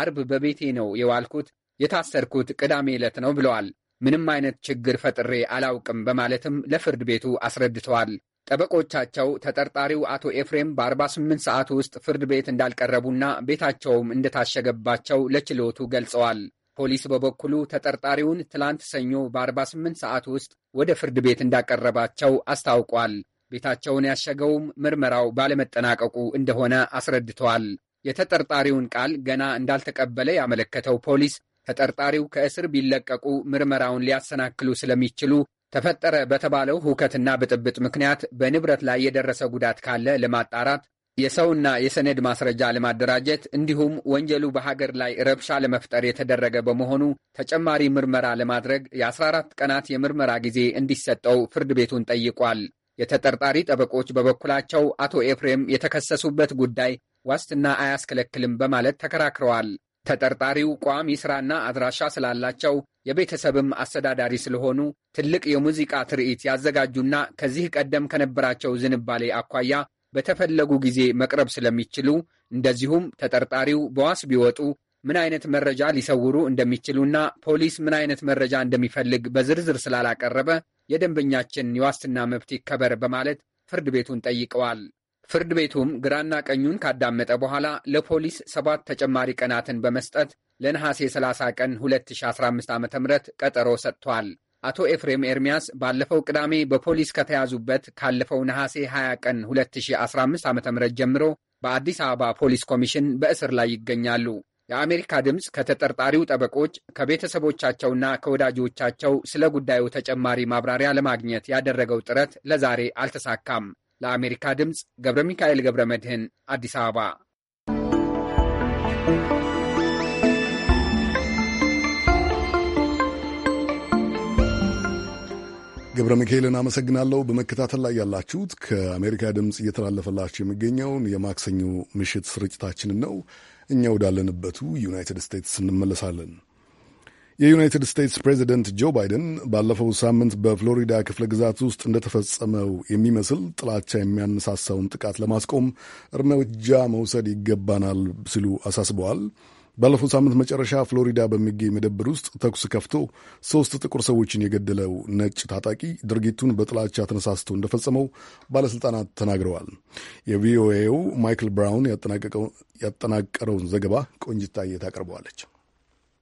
አርብ በቤቴ ነው የዋልኩት፣ የታሰርኩት ቅዳሜ ዕለት ነው ብለዋል። ምንም አይነት ችግር ፈጥሬ አላውቅም በማለትም ለፍርድ ቤቱ አስረድተዋል። ጠበቆቻቸው ተጠርጣሪው አቶ ኤፍሬም በ48 ሰዓት ውስጥ ፍርድ ቤት እንዳልቀረቡና ቤታቸውም እንደታሸገባቸው ለችሎቱ ገልጸዋል። ፖሊስ በበኩሉ ተጠርጣሪውን ትላንት ሰኞ በ48 ሰዓት ውስጥ ወደ ፍርድ ቤት እንዳቀረባቸው አስታውቋል። ቤታቸውን ያሸገውም ምርመራው ባለመጠናቀቁ እንደሆነ አስረድተዋል። የተጠርጣሪውን ቃል ገና እንዳልተቀበለ ያመለከተው ፖሊስ ተጠርጣሪው ከእስር ቢለቀቁ ምርመራውን ሊያሰናክሉ ስለሚችሉ ተፈጠረ በተባለው ሁከትና ብጥብጥ ምክንያት በንብረት ላይ የደረሰ ጉዳት ካለ ለማጣራት የሰውና የሰነድ ማስረጃ ለማደራጀት እንዲሁም ወንጀሉ በሀገር ላይ ረብሻ ለመፍጠር የተደረገ በመሆኑ ተጨማሪ ምርመራ ለማድረግ የ14 ቀናት የምርመራ ጊዜ እንዲሰጠው ፍርድ ቤቱን ጠይቋል። የተጠርጣሪ ጠበቆች በበኩላቸው አቶ ኤፍሬም የተከሰሱበት ጉዳይ ዋስትና አያስከለክልም በማለት ተከራክረዋል። ተጠርጣሪው ቋሚ ስራና አድራሻ ስላላቸው የቤተሰብም አስተዳዳሪ ስለሆኑ ትልቅ የሙዚቃ ትርኢት ያዘጋጁና ከዚህ ቀደም ከነበራቸው ዝንባሌ አኳያ በተፈለጉ ጊዜ መቅረብ ስለሚችሉ እንደዚሁም ተጠርጣሪው በዋስ ቢወጡ ምን አይነት መረጃ ሊሰውሩ እንደሚችሉና ፖሊስ ምን አይነት መረጃ እንደሚፈልግ በዝርዝር ስላላቀረበ የደንበኛችን የዋስትና መብት ይከበር በማለት ፍርድ ቤቱን ጠይቀዋል። ፍርድ ቤቱም ግራና ቀኙን ካዳመጠ በኋላ ለፖሊስ ሰባት ተጨማሪ ቀናትን በመስጠት ለነሐሴ 30 ቀን 2015 ዓ ም ቀጠሮ ሰጥቷል። አቶ ኤፍሬም ኤርሚያስ ባለፈው ቅዳሜ በፖሊስ ከተያዙበት ካለፈው ነሐሴ 20 ቀን 2015 ዓ ም ጀምሮ በአዲስ አበባ ፖሊስ ኮሚሽን በእስር ላይ ይገኛሉ። የአሜሪካ ድምፅ ከተጠርጣሪው ጠበቆች ከቤተሰቦቻቸውና ከወዳጆቻቸው ስለ ጉዳዩ ተጨማሪ ማብራሪያ ለማግኘት ያደረገው ጥረት ለዛሬ አልተሳካም። ለአሜሪካ ድምፅ ገብረ ሚካኤል ገብረ መድህን አዲስ አበባ። ገብረ ሚካኤልን አመሰግናለሁ። በመከታተል ላይ ያላችሁት ከአሜሪካ ድምፅ እየተላለፈላችሁ የሚገኘውን የማክሰኞ ምሽት ስርጭታችንን ነው። እኛ ወዳለንበቱ ዩናይትድ ስቴትስ እንመለሳለን። የዩናይትድ ስቴትስ ፕሬዚደንት ጆ ባይደን ባለፈው ሳምንት በፍሎሪዳ ክፍለ ግዛት ውስጥ እንደተፈጸመው የሚመስል ጥላቻ የሚያነሳሳውን ጥቃት ለማስቆም እርምጃ መውሰድ ይገባናል ሲሉ አሳስበዋል። ባለፈው ሳምንት መጨረሻ ፍሎሪዳ በሚገኝ መደብር ውስጥ ተኩስ ከፍቶ ሶስት ጥቁር ሰዎችን የገደለው ነጭ ታጣቂ ድርጊቱን በጥላቻ ተነሳስቶ እንደፈጸመው ባለሥልጣናት ተናግረዋል። የቪኦኤው ማይክል ብራውን ያጠናቀረውን ዘገባ ቆንጅታ ታቀርበዋለች።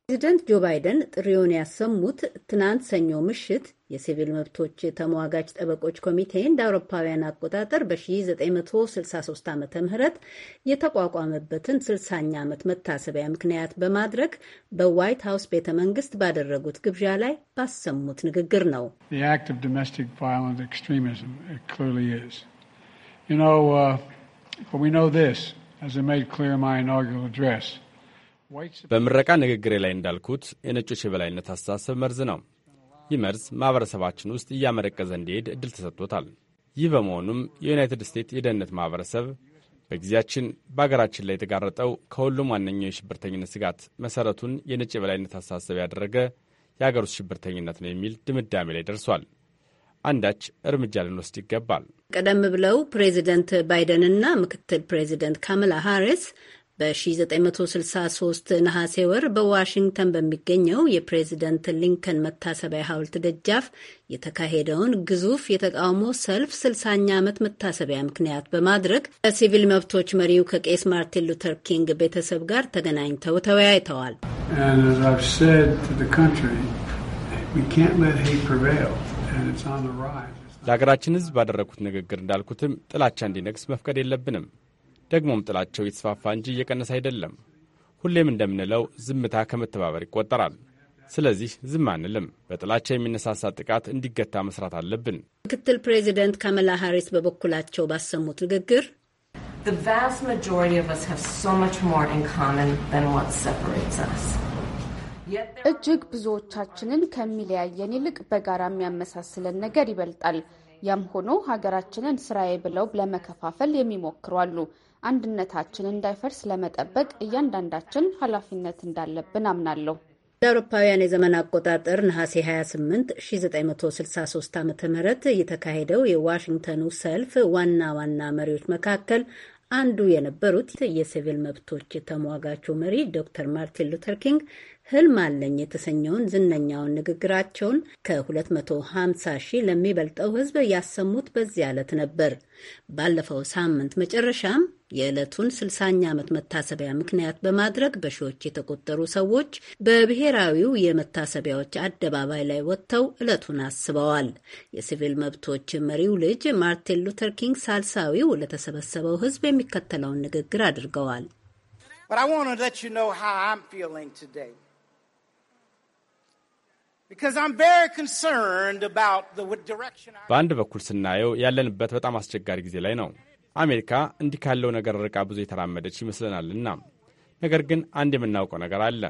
ፕሬዚደንት ጆ ባይደን ጥሪውን ያሰሙት ትናንት ሰኞ ምሽት የሲቪል መብቶች ተሟጋች ጠበቆች ኮሚቴ እንደ አውሮፓውያን አቆጣጠር በ1963 ዓ ም የተቋቋመበትን 60ኛ ዓመት መታሰቢያ ምክንያት በማድረግ በዋይት ሀውስ ቤተ መንግስት ባደረጉት ግብዣ ላይ ባሰሙት ንግግር ነው። uh, We know this, as I made clear in my inaugural address. በምረቃ ንግግሬ ላይ እንዳልኩት የነጮች የበላይነት አስተሳሰብ መርዝ ነው። ይህ መርዝ ማኅበረሰባችን ውስጥ እያመረቀዘ እንዲሄድ እድል ተሰጥቶታል። ይህ በመሆኑም የዩናይትድ ስቴትስ የደህንነት ማኅበረሰብ በጊዜያችን በአገራችን ላይ የተጋረጠው ከሁሉም ዋነኛው የሽብርተኝነት ስጋት መሠረቱን የነጭ የበላይነት አስተሳሰብ ያደረገ የአገር ውስጥ ሽብርተኝነት ነው የሚል ድምዳሜ ላይ ደርሷል። አንዳች እርምጃ ልንወስድ ይገባል። ቀደም ብለው ፕሬዚደንት ባይደንና ምክትል ፕሬዚደንት ካማላ ሃሪስ በ1963 ነሐሴ ወር በዋሽንግተን በሚገኘው የፕሬዚደንት ሊንከን መታሰቢያ ሐውልት ደጃፍ የተካሄደውን ግዙፍ የተቃውሞ ሰልፍ 60ኛ ዓመት መታሰቢያ ምክንያት በማድረግ ከሲቪል መብቶች መሪው ከቄስ ማርቲን ሉተር ኪንግ ቤተሰብ ጋር ተገናኝተው ተወያይተዋል። ለሀገራችን ሕዝብ ባደረግኩት ንግግር እንዳልኩትም ጥላቻ እንዲነግስ መፍቀድ የለብንም ደግሞም ጥላቸው እየተስፋፋ እንጂ እየቀነሰ አይደለም። ሁሌም እንደምንለው ዝምታ ከመተባበር ይቆጠራል። ስለዚህ ዝም አንልም። በጥላቻ የሚነሳሳ ጥቃት እንዲገታ መስራት አለብን። ምክትል ፕሬዚደንት ካመላ ሃሪስ በበኩላቸው ባሰሙት ንግግር እጅግ ብዙዎቻችንን ከሚለያየን ይልቅ በጋራ የሚያመሳስለን ነገር ይበልጣል። ያም ሆኖ ሀገራችንን ስራዬ ብለው ለመከፋፈል የሚሞክሩ አሉ። አንድነታችን እንዳይፈርስ ለመጠበቅ እያንዳንዳችን ኃላፊነት እንዳለብን አምናለሁ። ለአውሮፓውያን የዘመን አቆጣጠር ነሐሴ 28 1963 ዓ ም የተካሄደው የዋሽንግተኑ ሰልፍ ዋና ዋና መሪዎች መካከል አንዱ የነበሩት የሲቪል መብቶች ተሟጋቹ መሪ ዶክተር ማርቲን ሉተር ኪንግ ህልም አለኝ የተሰኘውን ዝነኛውን ንግግራቸውን ከ250 ሺህ ለሚበልጠው ህዝብ ያሰሙት በዚያ ዕለት ነበር። ባለፈው ሳምንት መጨረሻም የዕለቱን 60 ዓመት መታሰቢያ ምክንያት በማድረግ በሺዎች የተቆጠሩ ሰዎች በብሔራዊው የመታሰቢያዎች አደባባይ ላይ ወጥተው ዕለቱን አስበዋል። የሲቪል መብቶች መሪው ልጅ ማርቲን ሉተር ኪንግ ሳልሳዊው ለተሰበሰበው ህዝብ የሚከተለውን ንግግር አድርገዋል። But I want to let you know how I'm feeling today. በአንድ በኩል ስናየው ያለንበት በጣም አስቸጋሪ ጊዜ ላይ ነው። አሜሪካ እንዲህ ካለው ነገር ርቃ ብዙ የተራመደች ይመስለናልና፣ ነገር ግን አንድ የምናውቀው ነገር አለ።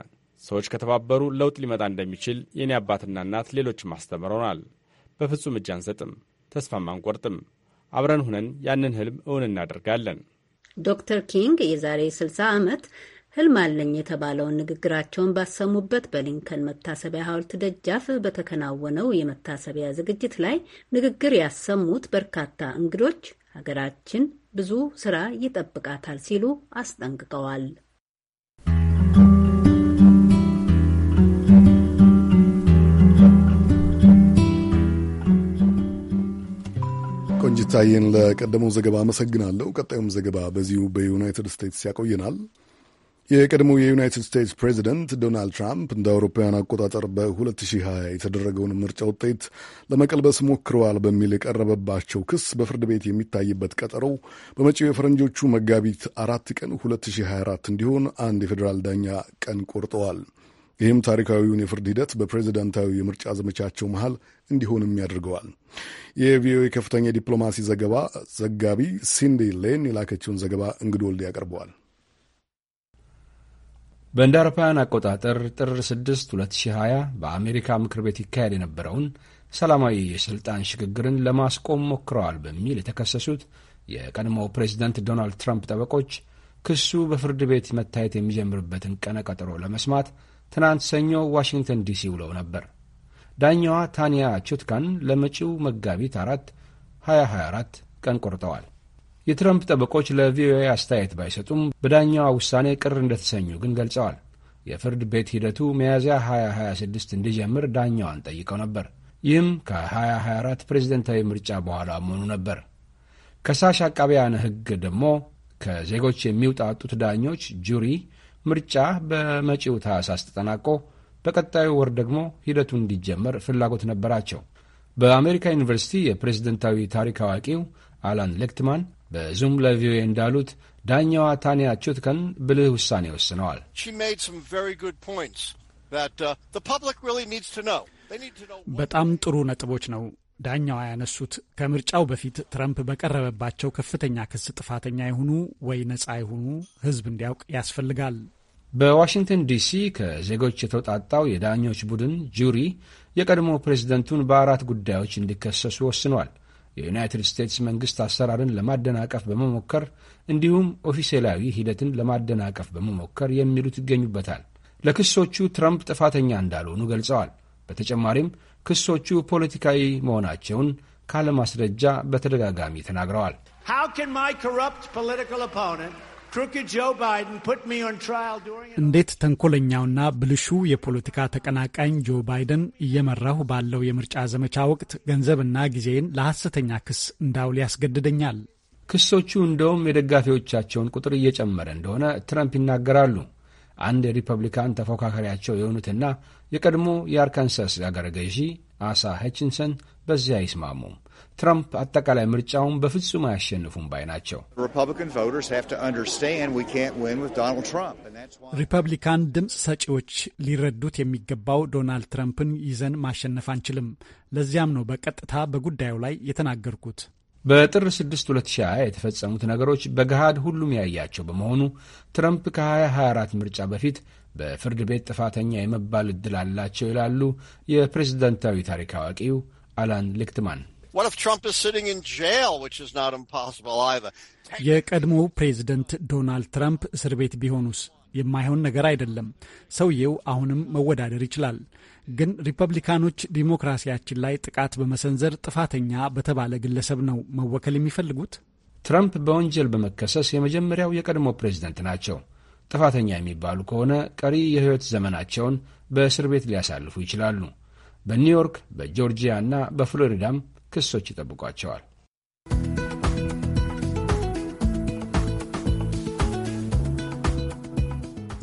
ሰዎች ከተባበሩ ለውጥ ሊመጣ እንደሚችል የኔ አባትና እናት ሌሎችም አስተምረውናል። በፍጹም እጅ አንሰጥም፣ ተስፋም አንቆርጥም። አብረን ሁነን ያንን ህልም እውን እናደርጋለን። ዶክተር ኪንግ የዛሬ 60 ዓመት ህልም አለኝ የተባለውን ንግግራቸውን ባሰሙበት በሊንከን መታሰቢያ ሐውልት ደጃፍ በተከናወነው የመታሰቢያ ዝግጅት ላይ ንግግር ያሰሙት በርካታ እንግዶች ሀገራችን ብዙ ስራ ይጠብቃታል ሲሉ አስጠንቅቀዋል። ቆንጅታዬን ለቀደመው ዘገባ አመሰግናለሁ። ቀጣዩም ዘገባ በዚሁ በዩናይትድ ስቴትስ ያቆየናል። የቀድሞ የዩናይትድ ስቴትስ ፕሬዚደንት ዶናልድ ትራምፕ እንደ አውሮፓውያን አቆጣጠር በ2020 የተደረገውን ምርጫ ውጤት ለመቀልበስ ሞክረዋል በሚል የቀረበባቸው ክስ በፍርድ ቤት የሚታይበት ቀጠሮ በመጪው የፈረንጆቹ መጋቢት አራት ቀን 2024 እንዲሆን አንድ የፌዴራል ዳኛ ቀን ቆርጠዋል። ይህም ታሪካዊውን የፍርድ ሂደት በፕሬዚዳንታዊ የምርጫ ዘመቻቸው መሃል እንዲሆንም ያደርገዋል። የቪኦኤ ከፍተኛ ዲፕሎማሲ ዘገባ ዘጋቢ ሲንዲ ሌን የላከችውን ዘገባ እንግዶ ወልድ ያቀርበዋል። በእንደ አውሮፓውያን አቆጣጠር ጥር 6 2020 በአሜሪካ ምክር ቤት ይካሄድ የነበረውን ሰላማዊ የሥልጣን ሽግግርን ለማስቆም ሞክረዋል በሚል የተከሰሱት የቀድሞው ፕሬዚደንት ዶናልድ ትራምፕ ጠበቆች ክሱ በፍርድ ቤት መታየት የሚጀምርበትን ቀነ ቀጠሮ ለመስማት ትናንት ሰኞ ዋሽንግተን ዲሲ ውለው ነበር። ዳኛዋ ታንያ ቹትካን ለመጪው መጋቢት አራት 2024 ቀን ቆርጠዋል። የትረምፕ ጠበቆች ለቪኦኤ አስተያየት ባይሰጡም በዳኛዋ ውሳኔ ቅር እንደተሰኙ ግን ገልጸዋል። የፍርድ ቤት ሂደቱ ሚያዝያ 2026 እንዲጀምር ዳኛዋን ጠይቀው ነበር። ይህም ከ2024 ፕሬዝደንታዊ ምርጫ በኋላ መሆኑ ነበር። ከሳሽ አቃቢያነ ሕግ ደግሞ ከዜጎች የሚውጣጡት ዳኞች ጁሪ ምርጫ በመጪው ታህሳስ ተጠናቆ በቀጣዩ ወር ደግሞ ሂደቱ እንዲጀመር ፍላጎት ነበራቸው። በአሜሪካ ዩኒቨርሲቲ የፕሬዝደንታዊ ታሪክ አዋቂው አላን ሌክትማን በዙም ለቪኦኤ እንዳሉት ዳኛዋ ታንያ ቹትከን ብልህ ውሳኔ ወስነዋል። uh, በጣም ጥሩ ነጥቦች ነው ዳኛዋ ያነሱት። ከምርጫው በፊት ትረምፕ በቀረበባቸው ከፍተኛ ክስ ጥፋተኛ የሆኑ ወይ ነጻ የሆኑ ህዝብ እንዲያውቅ ያስፈልጋል። በዋሽንግተን ዲሲ ከዜጎች የተውጣጣው የዳኞች ቡድን ጁሪ የቀድሞ ፕሬዝደንቱን በአራት ጉዳዮች እንዲከሰሱ ወስኗል። የዩናይትድ ስቴትስ መንግሥት አሰራርን ለማደናቀፍ በመሞከር እንዲሁም ኦፊሴላዊ ሂደትን ለማደናቀፍ በመሞከር የሚሉት ይገኙበታል። ለክሶቹ ትራምፕ ጥፋተኛ እንዳልሆኑ ገልጸዋል። በተጨማሪም ክሶቹ ፖለቲካዊ መሆናቸውን ካለማስረጃ በተደጋጋሚ ተናግረዋል። እንዴት ተንኮለኛውና ብልሹ የፖለቲካ ተቀናቃኝ ጆ ባይደን እየመራሁ ባለው የምርጫ ዘመቻ ወቅት ገንዘብና ጊዜን ለሐሰተኛ ክስ እንዳውል ያስገድደኛል። ክሶቹ እንደውም የደጋፊዎቻቸውን ቁጥር እየጨመረ እንደሆነ ትረምፕ ይናገራሉ። አንድ የሪፐብሊካን ተፎካካሪያቸው የሆኑትና የቀድሞ የአርካንሳስ አገረ ገዢ አሳ ሄችንሰን በዚህ አይስማሙም። ትራምፕ አጠቃላይ ምርጫውን በፍጹም አያሸንፉም ባይ ናቸው። ሪፐብሊካን ድምፅ ሰጪዎች ሊረዱት የሚገባው ዶናልድ ትራምፕን ይዘን ማሸነፍ አንችልም። ለዚያም ነው በቀጥታ በጉዳዩ ላይ የተናገርኩት። በጥር 6 2020 የተፈጸሙት ነገሮች በገሃድ ሁሉም ያያቸው በመሆኑ ትራምፕ ከ2024 ምርጫ በፊት በፍርድ ቤት ጥፋተኛ የመባል እድል አላቸው ይላሉ የፕሬዝደንታዊ ታሪክ አዋቂው አላን ሊክትማን። የቀድሞው ፕሬዝደንት ዶናልድ ትራምፕ እስር ቤት ቢሆኑስ? የማይሆን ነገር አይደለም። ሰውየው አሁንም መወዳደር ይችላል። ግን ሪፐብሊካኖች ዲሞክራሲያችን ላይ ጥቃት በመሰንዘር ጥፋተኛ በተባለ ግለሰብ ነው መወከል የሚፈልጉት። ትራምፕ በወንጀል በመከሰስ የመጀመሪያው የቀድሞ ፕሬዝደንት ናቸው። ጥፋተኛ የሚባሉ ከሆነ ቀሪ የሕይወት ዘመናቸውን በእስር ቤት ሊያሳልፉ ይችላሉ። በኒውዮርክ፣ በጆርጂያ እና በፍሎሪዳም ክሶች ይጠብቋቸዋል።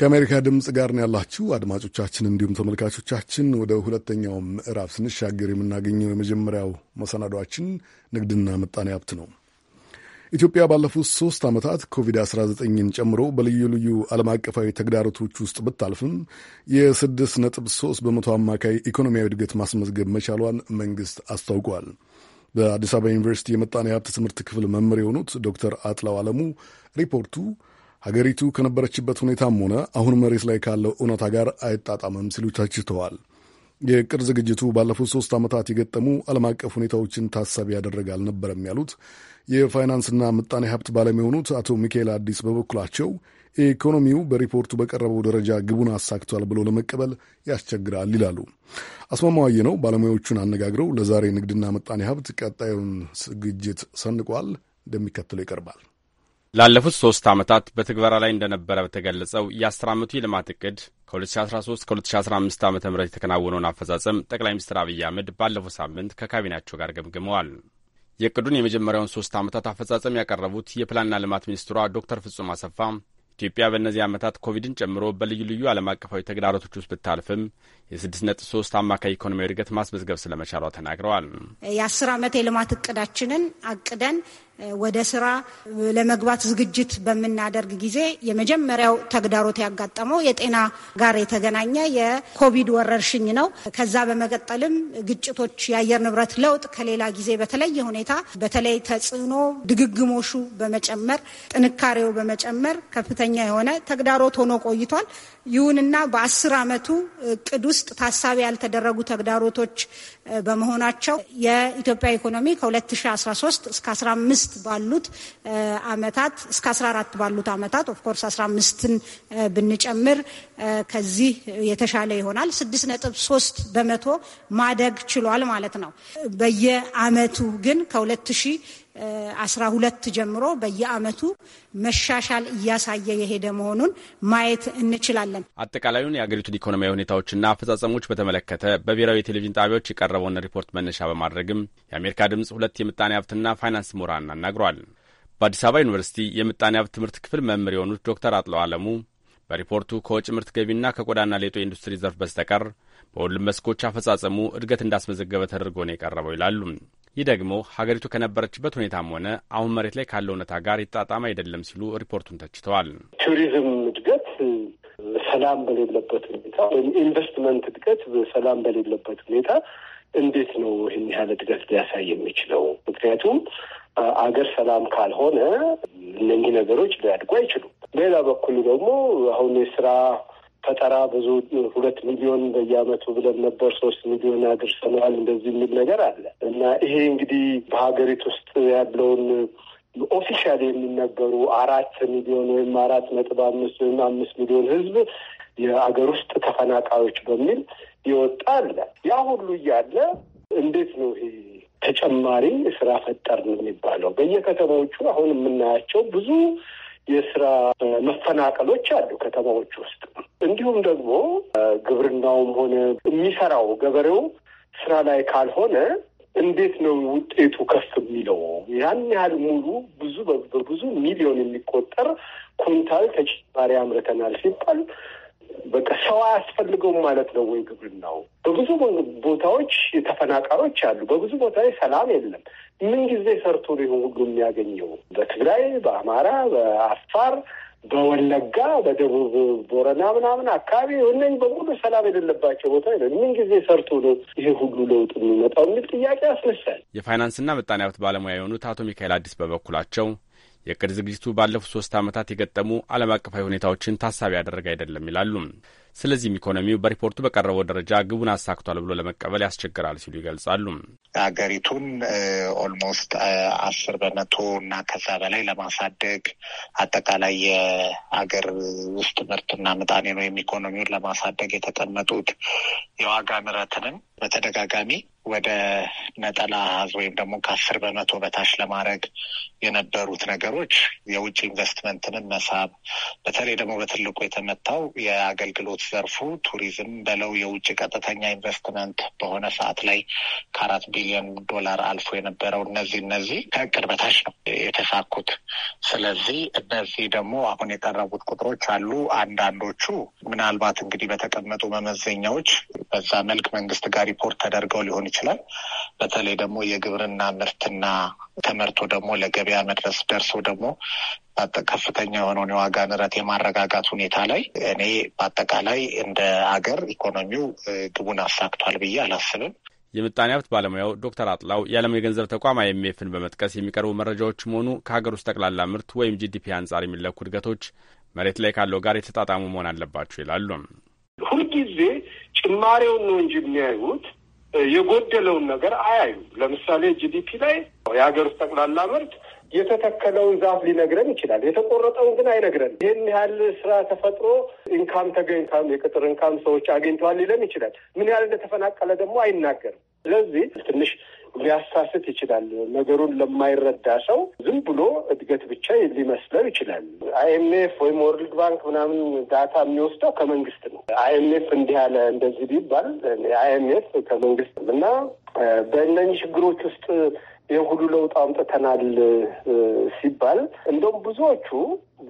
ከአሜሪካ ድምፅ ጋር ነው ያላችሁ አድማጮቻችን፣ እንዲሁም ተመልካቾቻችን። ወደ ሁለተኛው ምዕራፍ ስንሻገር የምናገኘው የመጀመሪያው መሰናዷችን ንግድና ምጣኔ ሀብት ነው። ኢትዮጵያ ባለፉት ሶስት ዓመታት ኮቪድ-19ን ጨምሮ በልዩ ልዩ ዓለም አቀፋዊ ተግዳሮቶች ውስጥ ብታልፍም የስድስት ነጥብ ሶስት በመቶ አማካይ ኢኮኖሚያዊ እድገት ማስመዝገብ መቻሏን መንግሥት አስታውቋል። በአዲስ አበባ ዩኒቨርሲቲ የመጣኔ ሀብት ትምህርት ክፍል መምህር የሆኑት ዶክተር አጥላው አለሙ ሪፖርቱ ሀገሪቱ ከነበረችበት ሁኔታም ሆነ አሁን መሬት ላይ ካለው እውነታ ጋር አይጣጣምም ሲሉ ተችተዋል። የቅር ዝግጅቱ ባለፉት ሶስት ዓመታት የገጠሙ ዓለም አቀፍ ሁኔታዎችን ታሳቢ ያደረገ አልነበረም ያሉት የፋይናንስና ምጣኔ ሀብት ባለሙያ የሆኑት አቶ ሚካኤል አዲስ በበኩላቸው ኢኮኖሚው በሪፖርቱ በቀረበው ደረጃ ግቡን አሳክቷል ብሎ ለመቀበል ያስቸግራል ይላሉ። አስማማዋዬ ነው ባለሙያዎቹን አነጋግረው ለዛሬ ንግድና ምጣኔ ሀብት ቀጣዩን ዝግጅት ሰንቋል። እንደሚከተለው ይቀርባል። ላለፉት ሶስት ዓመታት በትግበራ ላይ እንደነበረ በተገለጸው የአስር ዓመቱ የልማት እቅድ ከ2013 ከ2015 ዓ ም የተከናወነውን አፈጻጸም ጠቅላይ ሚኒስትር አብይ አህመድ ባለፈው ሳምንት ከካቢናቸው ጋር ገምግመዋል። የእቅዱን የመጀመሪያውን ሶስት ዓመታት አፈጻጸም ያቀረቡት የፕላንና ልማት ሚኒስትሯ ዶክተር ፍጹም አሰፋ ኢትዮጵያ በእነዚህ ዓመታት ኮቪድን ጨምሮ በልዩ ልዩ ዓለም አቀፋዊ ተግዳሮቶች ውስጥ ብታልፍም የስድስት ነጥብ ሶስት አማካይ ኢኮኖሚያዊ እድገት ማስመዝገብ ስለመቻሏ ተናግረዋል። የአስር ዓመት የልማት እቅዳችንን አቅደን ወደ ስራ ለመግባት ዝግጅት በምናደርግ ጊዜ የመጀመሪያው ተግዳሮት ያጋጠመው የጤና ጋር የተገናኘ የኮቪድ ወረርሽኝ ነው። ከዛ በመቀጠልም ግጭቶች፣ የአየር ንብረት ለውጥ ከሌላ ጊዜ በተለየ ሁኔታ በተለይ ተጽዕኖ ድግግሞሹ በመጨመር ጥንካሬው በመጨመር ከፍተኛ የሆነ ተግዳሮት ሆኖ ቆይቷል። ይሁንና በአስር ዓመቱ እቅዱ ውስጥ ታሳቢ ያልተደረጉ ተግዳሮቶች በመሆናቸው የኢትዮጵያ ኢኮኖሚ ከ2013 እስከ 15 ባሉት አመታት እስከ 14 ባሉት አመታት ኦፍኮርስ 15ን ብንጨምር ከዚህ የተሻለ ይሆናል። 6.3 በመቶ ማደግ ችሏል ማለት ነው። በየአመቱ ግን ከ2000 አስራ ሁለት ጀምሮ በየዓመቱ መሻሻል እያሳየ የሄደ መሆኑን ማየት እንችላለን። አጠቃላዩን የአገሪቱን ኢኮኖሚያዊ ሁኔታዎችና አፈጻጸሞች በተመለከተ በብሔራዊ የቴሌቪዥን ጣቢያዎች የቀረበውን ሪፖርት መነሻ በማድረግም የአሜሪካ ድምፅ ሁለት የምጣኔ ሀብትና ፋይናንስ ምሁራን አናግሯል። በአዲስ አበባ ዩኒቨርሲቲ የምጣኔ ሀብት ትምህርት ክፍል መምህር የሆኑት ዶክተር አጥለው አለሙ በሪፖርቱ ከወጭ ምርት ገቢና ከቆዳና ሌጦ የኢንዱስትሪ ዘርፍ በስተቀር በሁሉም መስኮች አፈጻጸሙ እድገት እንዳስመዘገበ ተደርጎ ነው የቀረበው ይላሉ። ይህ ደግሞ ሀገሪቱ ከነበረችበት ሁኔታም ሆነ አሁን መሬት ላይ ካለው እውነታ ጋር ይጣጣም አይደለም ሲሉ ሪፖርቱን ተችተዋል። ቱሪዝም እድገት ሰላም በሌለበት ሁኔታ ወይም ኢንቨስትመንት እድገት ሰላም በሌለበት ሁኔታ እንዴት ነው ይህን ያህል እድገት ሊያሳይ የሚችለው? ምክንያቱም አገር ሰላም ካልሆነ እነኚህ ነገሮች ሊያድጉ አይችሉም። በሌላ በኩል ደግሞ አሁን የስራ ፈጠራ ብዙ ሁለት ሚሊዮን በየአመቱ ብለን ነበር፣ ሶስት ሚሊዮን አድርሰናል። እንደዚህ የሚል ነገር አለ እና ይሄ እንግዲህ በሀገሪቱ ውስጥ ያለውን ኦፊሻል የሚነገሩ አራት ሚሊዮን ወይም አራት ነጥብ አምስት ወይም አምስት ሚሊዮን ህዝብ የአገር ውስጥ ተፈናቃዮች በሚል ይወጣ አለ። ያ ሁሉ እያለ እንዴት ነው ይሄ ተጨማሪ ስራ ፈጠር ነው የሚባለው? በየከተማዎቹ አሁን የምናያቸው ብዙ የስራ መፈናቀሎች አሉ ከተማዎች ውስጥ እንዲሁም ደግሞ ግብርናውም ሆነ የሚሰራው ገበሬው ስራ ላይ ካልሆነ እንዴት ነው ውጤቱ ከፍ የሚለው? ያን ያህል ሙሉ ብዙ በብዙ ሚሊዮን የሚቆጠር ኩንታል ተጨማሪ አምርተናል ሲባል በቃ ሰው አያስፈልገውም ማለት ነው ወይ ግብርናው? በብዙ ቦታዎች ተፈናቃዮች አሉ። በብዙ ቦታ ሰላም የለም። ምን ጊዜ ሰርቶ ነው ሁሉ የሚያገኘው? በትግራይ፣ በአማራ፣ በአፋር በወለጋ በደቡብ ቦረና ምናምን አካባቢ እነኝ በሙሉ ሰላም የሌለባቸው ቦታ ነው። ምን ጊዜ ሰርቶ ነው ይሄ ሁሉ ለውጥ የሚመጣው የሚል ጥያቄ ያስነሳል። የፋይናንስና ምጣኔ ሀብት ባለሙያ የሆኑት አቶ ሚካኤል አዲስ በበኩላቸው የቅድ ዝግጅቱ ባለፉት ሶስት ዓመታት የገጠሙ ዓለም አቀፋዊ ሁኔታዎችን ታሳቢ ያደረገ አይደለም ይላሉ። ስለዚህም ኢኮኖሚው በሪፖርቱ በቀረበው ደረጃ ግቡን አሳክቷል ብሎ ለመቀበል ያስቸግራል ሲሉ ይገልጻሉ። ሀገሪቱን ኦልሞስት አስር በመቶ እና ከዛ በላይ ለማሳደግ አጠቃላይ የአገር ውስጥ ምርትና ምጣኔ ነው ኢኮኖሚውን ለማሳደግ የተቀመጡት የዋጋ ንረትንም በተደጋጋሚ ወደ ነጠላ አሃዝ ወይም ደግሞ ከአስር በመቶ በታች ለማድረግ የነበሩት ነገሮች የውጭ ኢንቨስትመንትንም መሳብ፣ በተለይ ደግሞ በትልቁ የተመታው የአገልግሎት ዘርፉ ቱሪዝም በለው የውጭ ቀጥተኛ ኢንቨስትመንት በሆነ ሰዓት ላይ ከአራት ቢሊዮን ዶላር አልፎ የነበረው እነዚህ እነዚህ ከእቅድ በታች ነው የተሳኩት። ስለዚህ እነዚህ ደግሞ አሁን የቀረቡት ቁጥሮች አሉ። አንዳንዶቹ ምናልባት እንግዲህ በተቀመጡ መመዘኛዎች በዛ መልክ መንግስት ጋር ሪፖርት ተደርገው ሊሆን ይችላል። በተለይ ደግሞ የግብርና ምርትና ተመርቶ ደግሞ ለገበያ መድረስ ደርሰው ደግሞ ከፍተኛ የሆነውን የዋጋ ንረት የማረጋጋት ሁኔታ ላይ እኔ በአጠቃላይ እንደ አገር ኢኮኖሚው ግቡን አሳክቷል ብዬ አላስብም። የምጣኔ ሀብት ባለሙያው ዶክተር አጥላው የዓለም የገንዘብ ተቋም አይኤምኤፍን በመጥቀስ የሚቀርቡ መረጃዎች መሆኑ ከሀገር ውስጥ ጠቅላላ ምርት ወይም ጂዲፒ አንጻር የሚለኩ እድገቶች መሬት ላይ ካለው ጋር የተጣጣሙ መሆን አለባቸው ይላሉ። ሁልጊዜ ጭማሬውን ነው እንጂ የሚያዩት የጎደለውን ነገር አያዩ። ለምሳሌ ጂዲፒ ላይ የሀገር ውስጥ ጠቅላላ ምርት የተተከለውን ዛፍ ሊነግረን ይችላል። የተቆረጠውን ግን አይነግረን ይህን ያህል ስራ ተፈጥሮ ኢንካም ተገኝታም የቅጥር ኢንካም ሰዎች አግኝተዋል ሊለን ይችላል። ምን ያህል እንደተፈናቀለ ደግሞ አይናገርም። ስለዚህ ትንሽ ሊያሳስት ይችላል። ነገሩን ለማይረዳ ሰው ዝም ብሎ እድገት ብቻ ሊመስለው ይችላል። አይኤምኤፍ ወይም ወርልድ ባንክ ምናምን ዳታ የሚወስደው ከመንግስት ነው። አይኤምኤፍ እንዲህ ያለ እንደዚህ ቢባል አይኤምኤፍ ከመንግስት እና በእነኝህ ችግሮች ውስጥ ይህ ሁሉ ለውጥ አምጥተናል ሲባል እንደውም ብዙዎቹ